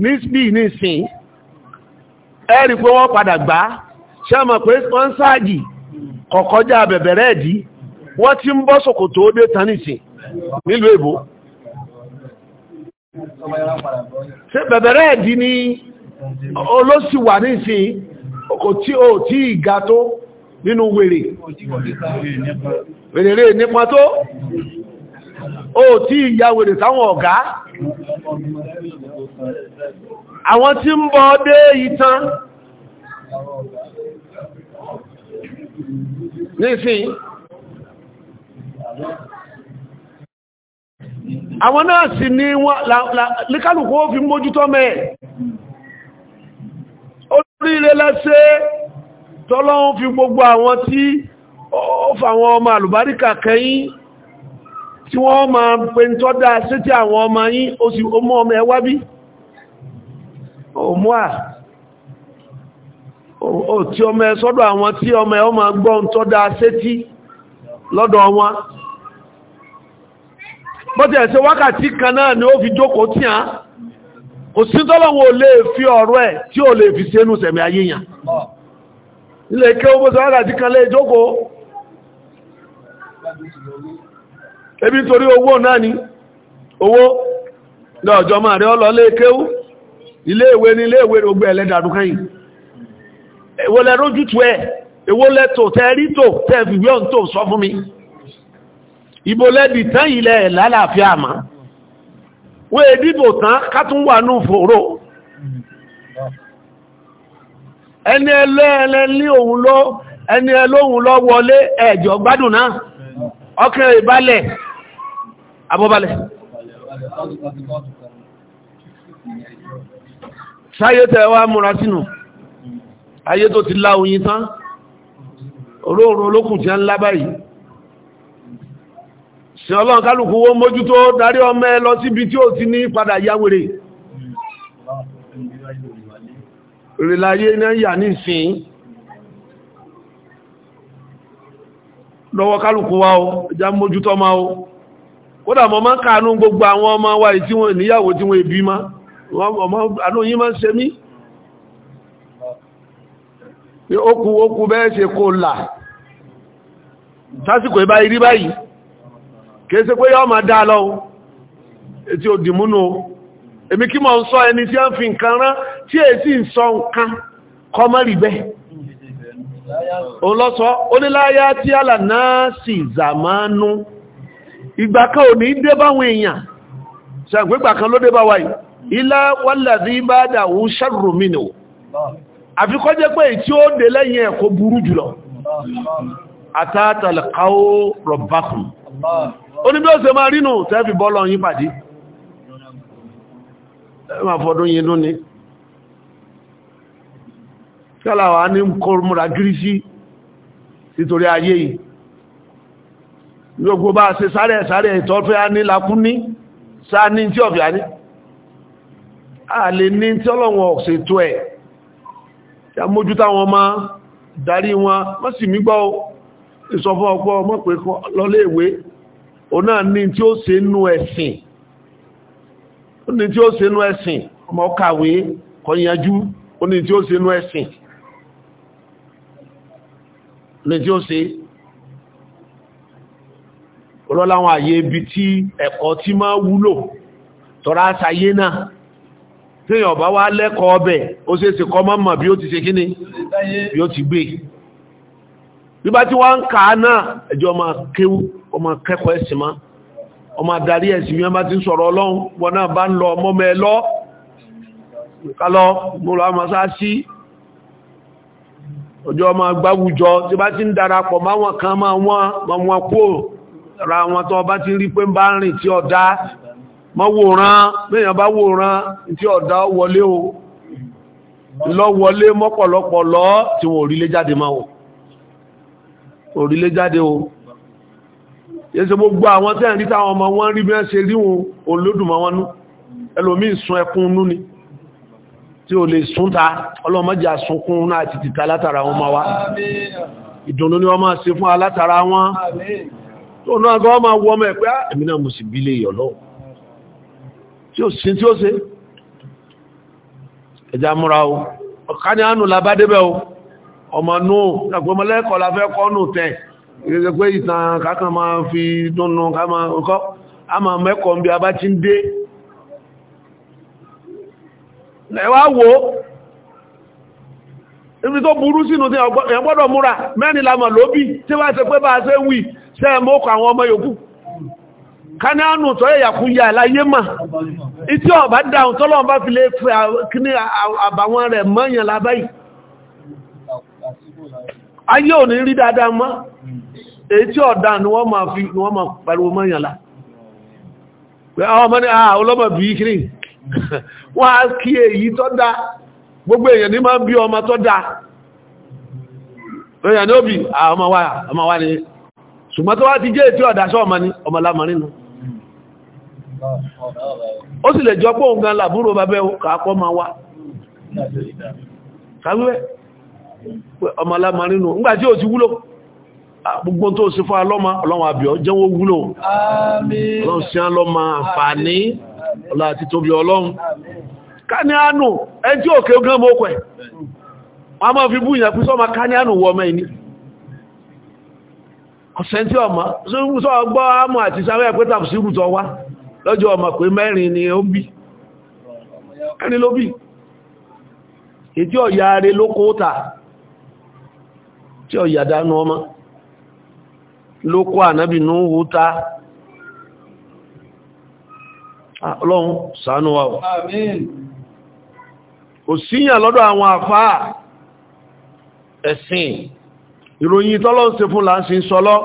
ní sbí ní sìn ẹ̀rí pé wọ́n padà gbá ṣe pé wọ́n sáàgì kọ̀kọ́já bẹ̀bẹ̀rẹ̀ ẹ̀dí wọ́n ti ń bọ́ ṣòkòtò ó dé taníṣì nílùú èbó ṣe bẹ̀bẹ̀rẹ̀ ẹ̀dí ni olóṣì wà ní ìsìn kò tí ó tí ìga tó nínú wèrè wèrè rẹ̀ nípa tó ó tí ìyá wèrè táwọn ọ̀gá àwọn tí ń bọ́ dé ìtàn nísìn àwọn náà sì ní wọ́n líkàlùkù ó fi mójútó mẹ́ orí ilé lẹ́sẹ́ tọ́lọ́run fi gbogbo àwọn tí ó fàwọn ọmọ àlùbáríkà kẹ́yìn tí wọ́n ma pe ń tọ́ dáa sí tí àwọn ọmọ yín ó sì mú ọmọ ẹwà bí òmú à ó tí ọmọ bọ́tí ẹ̀ṣẹ́ wákàtí kan náà ni ó fi jókòó tí a kò sí tọ́lọ́wọ́ ò lè fi ọ̀rọ̀ ẹ̀ tí o lè fi sínú ẹnu sẹ̀mẹ̀ yàn ilẹ̀ kí ó bọ́sẹ̀ wákàtí kan lè jókòó ebi torí owó náà ni owó lọ́jọ́ máa rẹ̀ ọlọ́ lè kéwú ilé ni ilé ìwé gbogbo ẹ̀lẹ́dàdù kẹ́yìn èwo ẹ̀ èwo lẹ́tò sọ fún mi ìbò lẹ́dì tán ilẹ̀ lálàáfíà ma wọ́n èdìbò tán kátún wà ní fòró ẹni ẹlẹ́ẹ̀lẹ́ ní òun ló ẹni ẹlóhun lọ wọlé ẹ̀jọ̀ gbádùn náà ọkàn ìbálẹ̀ abọ́balẹ̀ sáyé tẹ́ wá múra sínú ayé tó ti láoyin tán olóòrùn olókùn tí a ń lábáyìí sin ọlọ́run kálukú wó mójútó darí ọmọ ẹ lọ síbi tí ó ti ní padà yáwèrè rìláyé náà yà ní ìsìn lọ́wọ́ kálukú wa o já mójútó ma o kódà mọ́ máa ń kàánú gbogbo àwọn ọmọ wa tí wọ́n níyàwó tí wọ́n èbí ma àánú yí máa ń ṣe mí okùn okùn bẹ́ẹ̀ ṣe kó là sásìkò ìbá irí báyìí kìí ṣe pé yọ́ ma dá lọ tí ó dìmúnú èmi kí mọ̀ ń sọ ẹni tí a ń fi nǹkan rán tí è sì ń sọ nǹkan kọmọ́rì bẹ́ òun lọ sọ oníláyá tí àlà náà sì zàmánú ìgbà kan ò ní dé báwọn èèyàn ṣàgbégbà kan ló dé bá wáyìí ilá wàlàdí bá dàwó ṣàrùmínú àfikọ́ jẹ́ pé tí ó dé lẹ́yìn ẹ̀kọ́ burú jùlọ àtàtàlẹ̀káwó rọ̀bákùn ó ní bí ó ṣe máa rínú tẹ́fì bọ́lọ̀ yín pàdé ẹmà fọdún yìí lónìí kálàwà ní kó múra gírí sí nítorí ayé yìí gbogbo bá ṣe sáré sáré ìtọ́fẹ́ á ní lakún ní sáà ní tí ọ̀fẹ́ á ní a lè ní tí ọlọ́wọ̀n ọ̀sẹ̀ tó ẹ̀ tí a mójú táwọn ọmọ darí wọn mọ́sí mígbọ́ ìsọfọ́ ọpọ́ ọmọ pẹ̀kọ́ lọlé ìwé ona ni ní tí ó ṣe nú ẹ̀sìn ó ní tí ó ṣe nú tí ó ṣe nú ẹ̀sìn ní tí ó ṣe olóláwọn àyè tí ẹ̀kọ́ tí máa wúlò tọ́rá àṣàyé náà tí wá lẹ́kọ̀ọ́ ọbẹ̀ ó ṣe ma bí ti bí o ti gbé bí bá tí wọ́n ń kà á náà ẹjọ́ máa kéwú ọmọ akẹ́kọ̀ọ́ ẹ̀sìn máa ọmọ adarí ẹ̀sìn bí wọ́n bá ti ń sọ̀rọ̀ ọlọ́run wọn náà bá ń lọ ọmọ mẹ́ lọ kálọ́ mo lọ àmọ́ sá sí ọjọ́ ọmọ agbáwùjọ tí bá ti ń darapọ̀ máwọn kan máa wọ́n máa wọ́n kó ra wọn tó bá ti òrìlé jáde o yẹsẹ gbogbo àwọn tẹ́ rí táwọn ọmọ wọn rí bí wọ́n ṣe rí wọn olódùmọ̀ wọn nú ẹlòmíì sun ẹkún nú ni tí o lè sún ta ọlọ́mọdé àsunkún náà ti tìta látara wọn máa wá ìdùnnú ni wọ́n máa ṣe fún alátara wọn tó náà gọ́ máa wọ́ ọmọ ẹ̀pẹ́ ah, èmi náà mo sì bí lè yọ̀ lọ́wọ́ tí o ọ̀ká ni o ọmọ nù ọgbọmọlẹ́kọ̀ọ́ la fẹ́ kọ́ nù tẹ̀ gẹ́gẹ́ pé ìtàn kákan máa fi dúnnú ká máa kọ́ a máa mẹ́kọ̀ọ́ bí a bá ti ń dé ẹwà wo ibi tó burú sínú tí èyàn gbọ́dọ̀ múra mẹ́rin la mọ̀ lóbi tí wá ṣe pé bá ṣe wì ṣe mọ́kọ̀ àwọn ọmọ yòókù kánáánù tọ́ ẹ̀yàkúyà láyé mà ìtí ọ̀bá dáun tọ́lọ́n fi lè fẹ́ àbàwọn rẹ̀ mọ́yàn lábáyìí ayé ò ní rí dáadáa mọ́ èyí tí ọ̀dá ni wọ́n máa fi ni wọ́n máa pariwo mọ́ yànlá pé àwọn ọmọ ní àà bí i kiri wọ́n á kí èyí dá gbogbo èèyàn ní máa bí ọmọ tó dá èèyàn ní òbí wa ni ṣùgbọ́n tó wá ti jẹ́ ètí ọ̀dá sọ́ọ̀mọ ní ọmọ ọmọ alámarínú ńgbà tí ó ti wúlò gbogbo tó sí fún alọ́mà ọlọ́run àbíọ́ jẹ́wọ́ wúlò ọlọ́run sí alọ́mà àǹfààní ọlá àti tóbi ọlọ́run káníánù ẹjí òkè ogun mọ́kọ̀ ẹ̀ wọ́n máa fi bú ìyàn pín sọ́mà káníánù wọ ọmọ ìní ọ̀sẹ̀ tí ọmọ sọ gbọ́ àmọ́ àti sáré ẹ̀pẹ́ tàbísírù tó wá lọ́jọ́ ọmọ pé mẹ́rin ni ó bí ẹni ló bí ètí ọ̀yà rẹ̀ lókòótà tí ó yàdánú ọmọ ló kó ànábì Nuhu ta ah, ọlọ́run ṣàánú wa àmín ò síyàn lọ́dọ̀ àwọn àfáà ẹ̀sìn ìròyìn tọ́lọ́n ṣe fún láti ń sọlọ́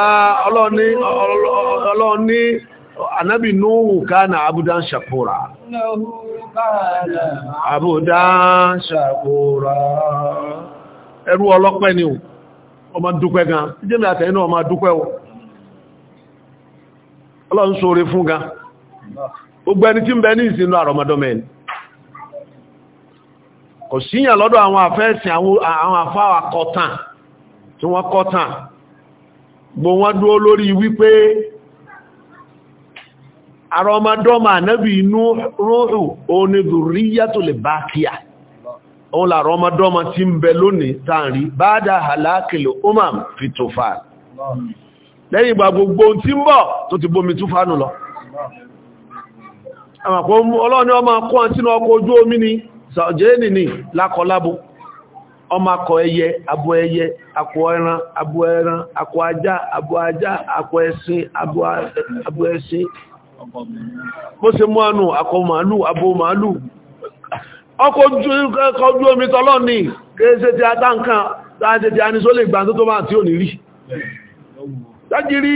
ah, Ọlọ́run ní anabi nuhu abudan shakura abudan shakura ẹrú ọlọ́pẹ́ ni o ọmọ dúpẹ́ gan jẹ́mi àtẹ̀yìn náà ọmọ dúpẹ́ o ọlọ́run sóre fún gan tí ń bẹ ní ìsinú àrọmọdọ́mẹ́ ni kò síyàn lọ́dọ̀ àwọn àwọn afáwà àrọ ọmọdọ́mà ànábì inú rúhù òní dhurriyatul baqiyah òun làrọ ọmọdọ́mà tí ń bẹ lónìí tààrí ba'da halakil umam fi tufa lẹ́yìn ìgbà gbogbo tí ń bọ̀ tó ti bómi túfánù lọ àmàkó ọlọ́ni ọmọ kọ́ sínú ọkọ̀ ojú omi ni sọ̀jẹ́nì ni lákọlábò ọmọ akọ ẹyẹ abo ẹyẹ akọ ẹran abo ẹran akọ ajá abo ajá akọ ẹṣin abo ẹṣin bó ṣe mú ànù akọ màálù abo màálù ọkọ̀ ojú omi tọ́lọ́ ní kéèṣe ti atánkan láti ti anisó lè gbà tó máa tí ò ní rí dájírí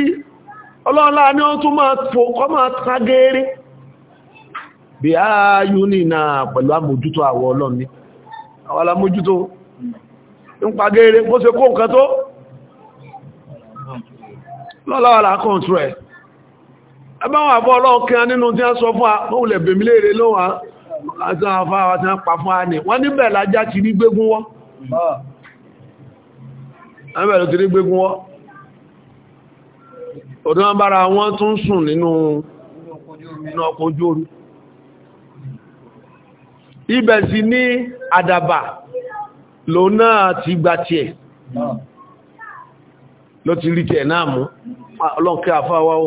ọlọ́ọ̀lá ní ó tún máa fòkọ́ máa tagẹ́rẹ́ bí a yúní na pẹ̀lú àmójútó àwọ̀ ọlọ́ni àwọn alamójútó ń pagẹ́rẹ́ bó ṣe kó nǹkan tó ẹbáwọn àbọ́ ọlọ́run kí a nínú tí a sọ fún àwọn ilẹ̀ bèmí léèrè lóhun àti àwọn àwọn tí a pa fún àní wọ́n níbẹ̀ lájá ti rí gbégún wọ́ ẹbẹ̀ ló ti rí gbégún wọ́ òdún wọn bára wọn tún sùn nínú ọkọ̀ ojú omi ibẹ̀ sì ní àdàbà lò náà ti gbà tiẹ̀ ló ti rí tiẹ̀ náà mú ọlọ́nkẹ́ àfáwáwó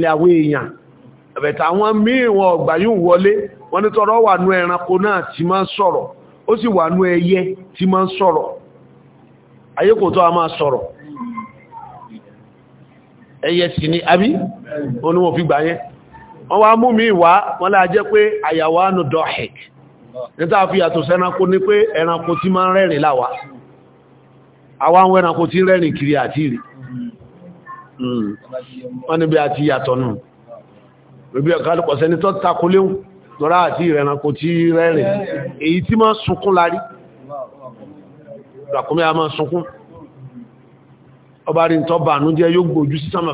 lè àwọn èèyàn ẹ̀bẹ̀ta àwọn míì wọn ọ̀gbà wọlé wọ́n ni tọrọ wà ẹranko náà ti máa sọ̀rọ̀ ó sì wà ẹyẹ tí máa sọ̀rọ̀ a máa sọ̀rọ̀ ẹyẹ sì ni àbí wọn ni fi yẹn wọn wá mú mi wá wọn jẹ́ pé àyàwó Hmm. wọ́n a ti yàtọ̀ nù rẹ̀bí ọ̀kálùkọ̀ sẹ́ni tó takoléhùn lọ́rá àti ìrẹ̀nàkò tí rẹ̀rìn èyí tí ma sunkún lárí ràkúnmí a ma sunkún ọba rí tọ́ bà yóò gbójú sí sánmà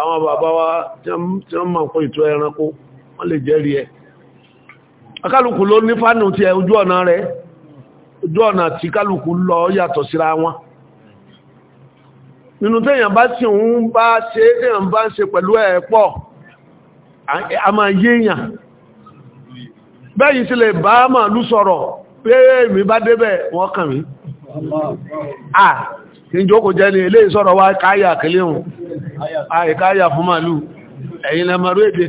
àwọn bàbá wa kọ́ ẹranko wọ́n nínú tẹ́yàn bá tí òun bá ṣe tẹ́yàn bá ń ṣe pẹ̀lú ẹ̀pọ̀ a máa yéèyàn bẹ́yìn sí lè bá máa lú sọ̀rọ̀ pé mi bá débẹ̀ wọ́n kàn mí à kí n jọ kò jẹ́ ní ilé ìsọ̀rọ̀ wá káyà kìlíhùn àìkáyà fún màálù ẹ̀yìn lẹ́mọ̀rú èdè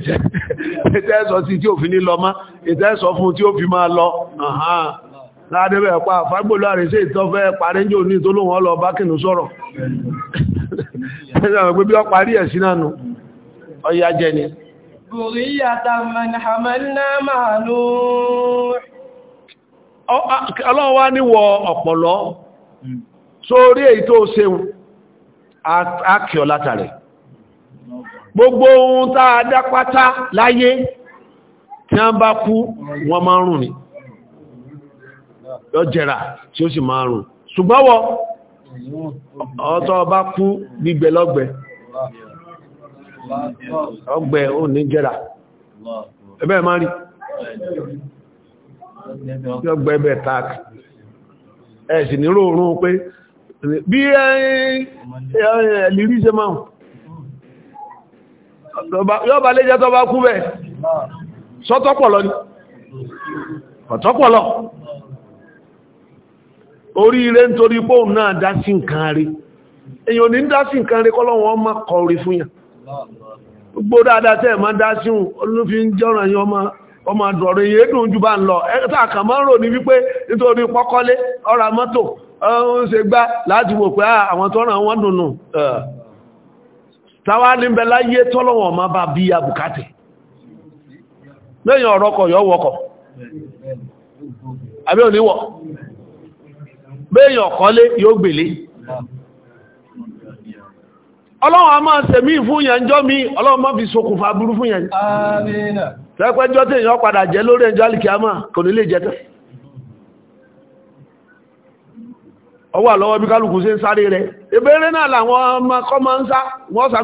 tẹ́ẹ̀sọ́ sí tí ò ẹ̀sìn àwọn gbogbo ọparí ẹ̀sìn náà nù ọya jẹ́ ni ọlọ́run wá níwọ̀ gbogbo ohun tá a láyé tí a bá kú wọn máa rùn ni yọ jẹrà tí ó sì máa rùn ọ̀tọ́ ọba kú gbígbẹ lọ́gbẹ̀ ọgbẹ̀ ò ní jẹ́ra ẹbẹ́ máa rí ọgbẹ̀ ẹbẹ̀ tààkì ẹ̀sì ní rọrùn pé bí ẹ̀lìrí ṣe máa yọ́ bá léjẹ́ tọ́ bá kú bẹ̀ sọ́tọ́pọ̀lọ́ ni ọ̀tọ́pọ̀lọ́ oríire nítorí pòun náà dá sí nǹkan rí èyàn ní dá sí nǹkan rí kọ́lọ́wọ́n má kọrí fún yàn gbogbo dáadáa tẹ́ ma dá sí olúfin jọ́ràn yín ọmọ àdọ̀rọ̀ èyí dùn jù bá ń lọ ẹ́ta kà ní wípé nítorí pọ́kọ́lé mọ́tò gbá láti wò pé ah, àwọn tọ́rọ wọn dùnnù ní bẹ láyé tọ́lọ̀wọ̀n ma bá bí lẹ́yìn ọ̀rọ̀kọ̀ béèyàn kọ́lé yóò gbèlé ọlọ́run a máa sẹ̀mí fún yẹn jọ́ mi ọlọ́run má fi ṣokùnfà burú fún yẹn tẹ́pẹ́jọ́ tí èyàn padà jẹ́ lórí ẹjọ́ alìkíámà kò nílé jẹta ọwọ́ àlọ́wọ́ bí kálùkù sí ń sáré rẹ̀ ìbẹ̀rẹ̀ náà làwọn ọmọ kọmọ ń sá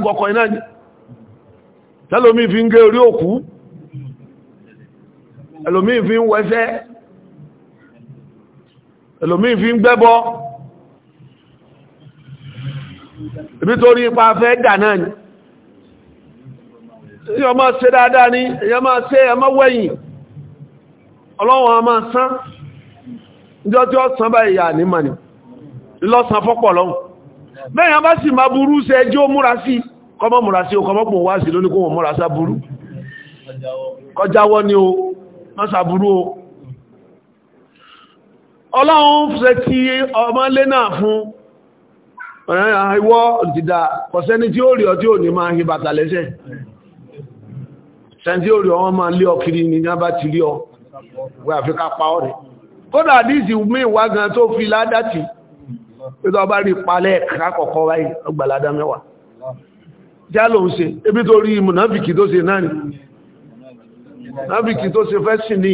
wọ́n ẹlòmíì fi ń gbẹ́bọ ibi tó rí ipa fẹ́ dà náà ni èyàn máa ṣe dáadáa ní èyàn máa ṣe ẹmọ́ wẹ̀yìn ọlọ́wọ́n a máa sán ìjọ tí ó sán báyìí yà ní mani lọ́sàn fọ́pọ̀ lọ́hùn bẹ́yàn bá sì máa burú ṣe ẹjọ́ múra sí kọmọ́ múra sí o kọmọ́ pùn sí lóníkó wọn múra sá burú kọjáwọ́ ni o má burú o ọlọ́run fẹ́ ti ọmọ lé náà fún ìwọ́ ìdìdà kọ̀sẹ́ni tí ó rí ọ tí ò ní máa hì bàtà lẹ́sẹ̀ sẹ́ni tí ó rí ọ wọ́n máa lé ọ kiri ní náà bá ti rí ọ wẹ́ àfíká pa ọ rẹ̀ kódà díìsì mí wá gan tó fi ládàtì pẹ́tọ́ ọba rí palẹ̀ kàkọ̀kọ́ ni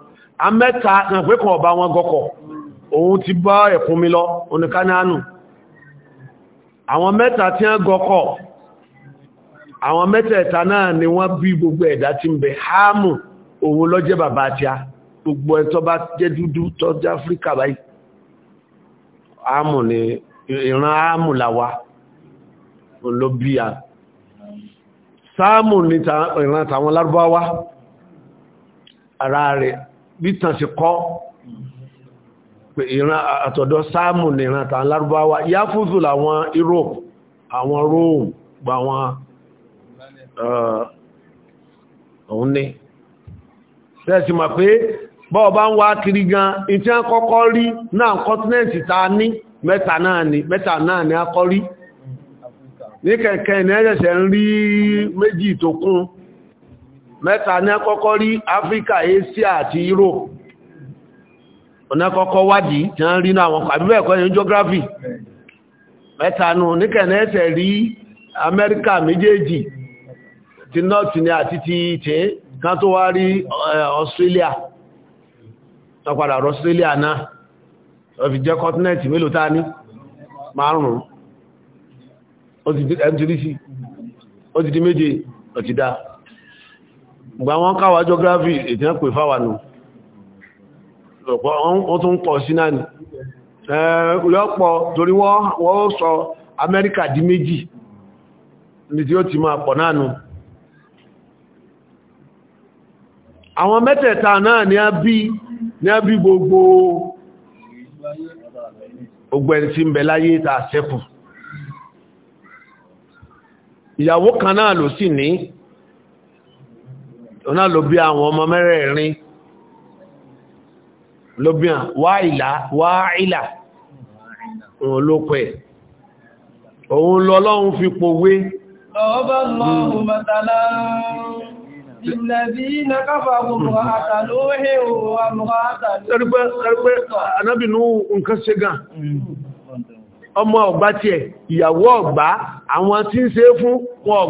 amẹ́ta nàpẹ́kọ̀ ọba wọn gọ́kọ̀ òun ti bá ẹ̀kún mi lọ oníkanáánù àwọn mẹ́ta tí wọ́n gọ́kọ̀ àwọn mẹ́tẹ̀ẹ̀ta náà ni wọ́n bí gbogbo ẹ̀dá tí ń bẹ háàmù òun ló jẹ́ bàbá tí a gbogbo ẹ̀ tó bá jẹ́ dúdú tó jẹ́ áfíríkà báyìí ni ìran háàmù làwa ló bí a sáàmù ni ìran tàwọn lárúbáwá ara rẹ̀ bítan sí kọ́ pé ìran àtọ̀dọ̀ sáàmù ní ìran tàn lárúbáwá yáfúzù làwọn Europe àwọn Rome gba wọn ọ̀hún ní tẹ́sí ma pé bọ́ọ̀ bá ń wá kiri gan ìtí a kọ́kọ́ rí náà continent ta ní mẹ́ta náà ni mẹ́ta náà ni a kọ́ rí ní kẹ̀kẹ́ ní ẹ̀ṣẹ̀ ń rí méjì tó kún mẹ́ta ní àkọ́kọ́ rí áfíríkà asia àti europe ọ̀nà kọ́kọ́ wádìí tí wọ́n rí ní àwọn àbíbẹ̀ ní geography mẹ́ta nù níkẹ̀ẹ́ rí amẹ́ríkà méjèèjì ti north àti ti tẹ́ kan tó wá rí eh, australia tó padà australia náà ó fi jẹ́ continent mélòó ní márùn-ún gbà wọn káwà geography ètì náà pè fáwà nù wọ́n tún pọ̀ sí náà ni lọ́pọ̀ torí wọ́n sọ Amẹ́ríkà di méjì ní tí ó ti máa pọ̀ náà nù àwọn mẹ́tẹ̀ẹ̀ta náà ni a bí ní a bí gbogbo ogbẹ̀n tí ń bẹ láyé ta sẹ́kù ìyàwó kan náà ló sì ní ọ̀nà ló bí àwọn ọmọ mẹ́rẹ̀ẹ̀rin ló bí àwọn wáìlá wáìlá òun ló pẹ̀ òun lọ lọ́run fi pòwé ọba lọ́run mẹ́tàlá Ìlẹ̀bí káfàrún ìyàwó ọ̀gbá, àwọn tí ń ṣe fún wọn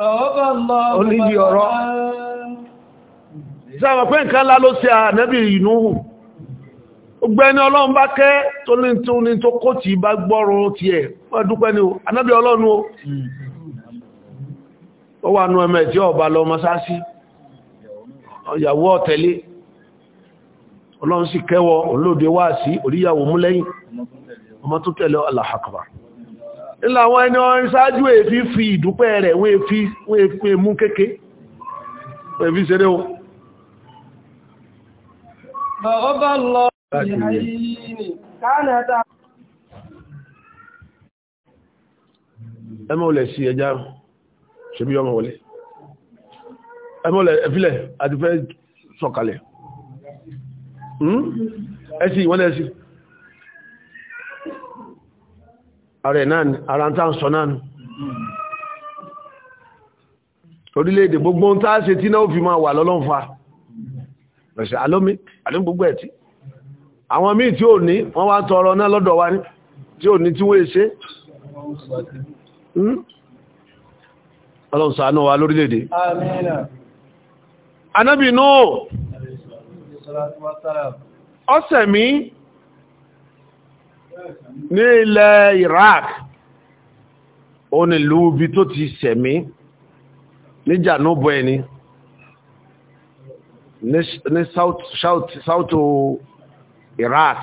olíbi ọ̀rọ̀ sáwọn pé nǹkan lá ló sí ànẹ́bì ìnúhù ọgbẹ́ni ọlọ́run bá kẹ́ tó ní tó ní tó kó tí bá gbọ́rún ti ẹ̀ pẹ́dúpẹ́ ni ànẹ́bì ọlọ́run ó wà nú ẹmẹ́ tí ọba lọ mọ́sáàsí ọ̀yàwó ọ̀tẹ̀lé ọlọ́run sì kẹ́wọ́ olóòdé wá sí oríyàwó múlẹ́yìn ọmọ tó tẹ̀lé ilẹ̀ àwọn ẹni ọrin ṣáájú èéfí fi ìdúpẹ́ rẹ̀ wọ́n èéfí mú kéèké wọ́n èéfí ṣeré o ẹmọ́ olè sí ẹjá ṣe bí ọmọ wọlé ẹmọ́ olè ẹ̀fílẹ̀ àti fẹ́ sọ̀kalẹ̀ hmm? ẹ̀sì ìwọ́n lẹ́sì ààrẹ náà ni ara ń tán sọ náà ni orílẹ̀-èdè gbogbo ń tàà ṣe tí náà fi máa wà lọ́lọ́nfà lọ́sẹ̀ alómi alómi gbogbo ẹ̀tí àwọn míì tí ò ní wọ́n wá tọrọ náà lọ́dọ̀ wa ní tí ò ní tí wọ́n ṣe hmm? ọlọ́run ṣàánú wa lórílẹ̀-èdè anábì náà ọ̀sẹ̀ ní ilẹ̀ Iraq ó ní ìlú tó ti sẹ̀mí ní jànúbọ̀ ẹni ní Iraq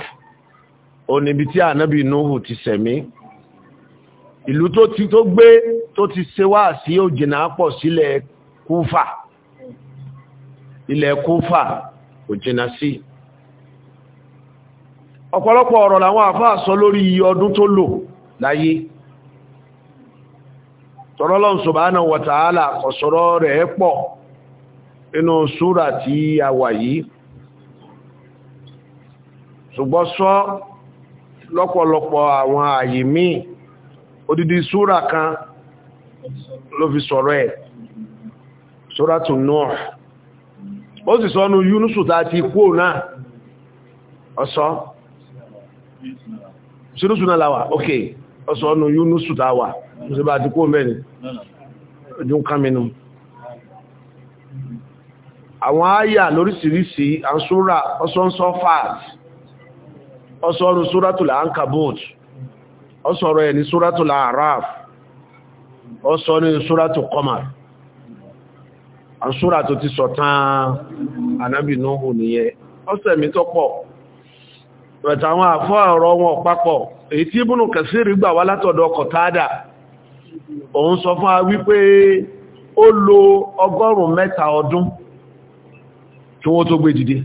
ó ní ibi tí ànábì Nuhu ti sẹ̀mí ìlú tó ti tó gbé tó ti ṣe wá sí òjìnà pọ̀ sílẹ̀ Kúfà ilẹ̀ sí si ọ̀pọ̀lọpọ̀ ọ̀rọ̀ làwọn àfáà sọ lórí ọdún tó lò láyé tọ́rọlọ́n subhanahu ọ̀sọ̀rọ̀ rẹ̀ pọ̀ nínú súra tí a wà yìí ṣùgbọ́n sọ lọ́pọ̀lọpọ̀ àwọn odidi kan ló fi sọ̀rọ̀ ẹ̀ ṣúrúṣù náà láwà ok ọ̀sọ̀ ọ̀nà yúnúṣù táwà mo sì bá ti kó mẹ́rin ojú ń káminú àwọn áyà lóríṣiríṣi àṣúra ọ̀sọ̀ọ̀sọ̀ fat ọ̀sọ̀ọ̀rọ̀ ẹni araf ọ̀sọ̀ ní sóràtù kọmar àṣúra ti sọ̀tán rẹ̀tà àwọn àfọ́ ọ̀rọ̀ wọn papọ̀ èyí tí Ibnu Kasir gbà wá látọ̀dọ̀ Qatada òun sọ fún a wípé ó lo ọgọ́rùn-ún mẹ́ta ọdún tí wọ́n tó gbé dìde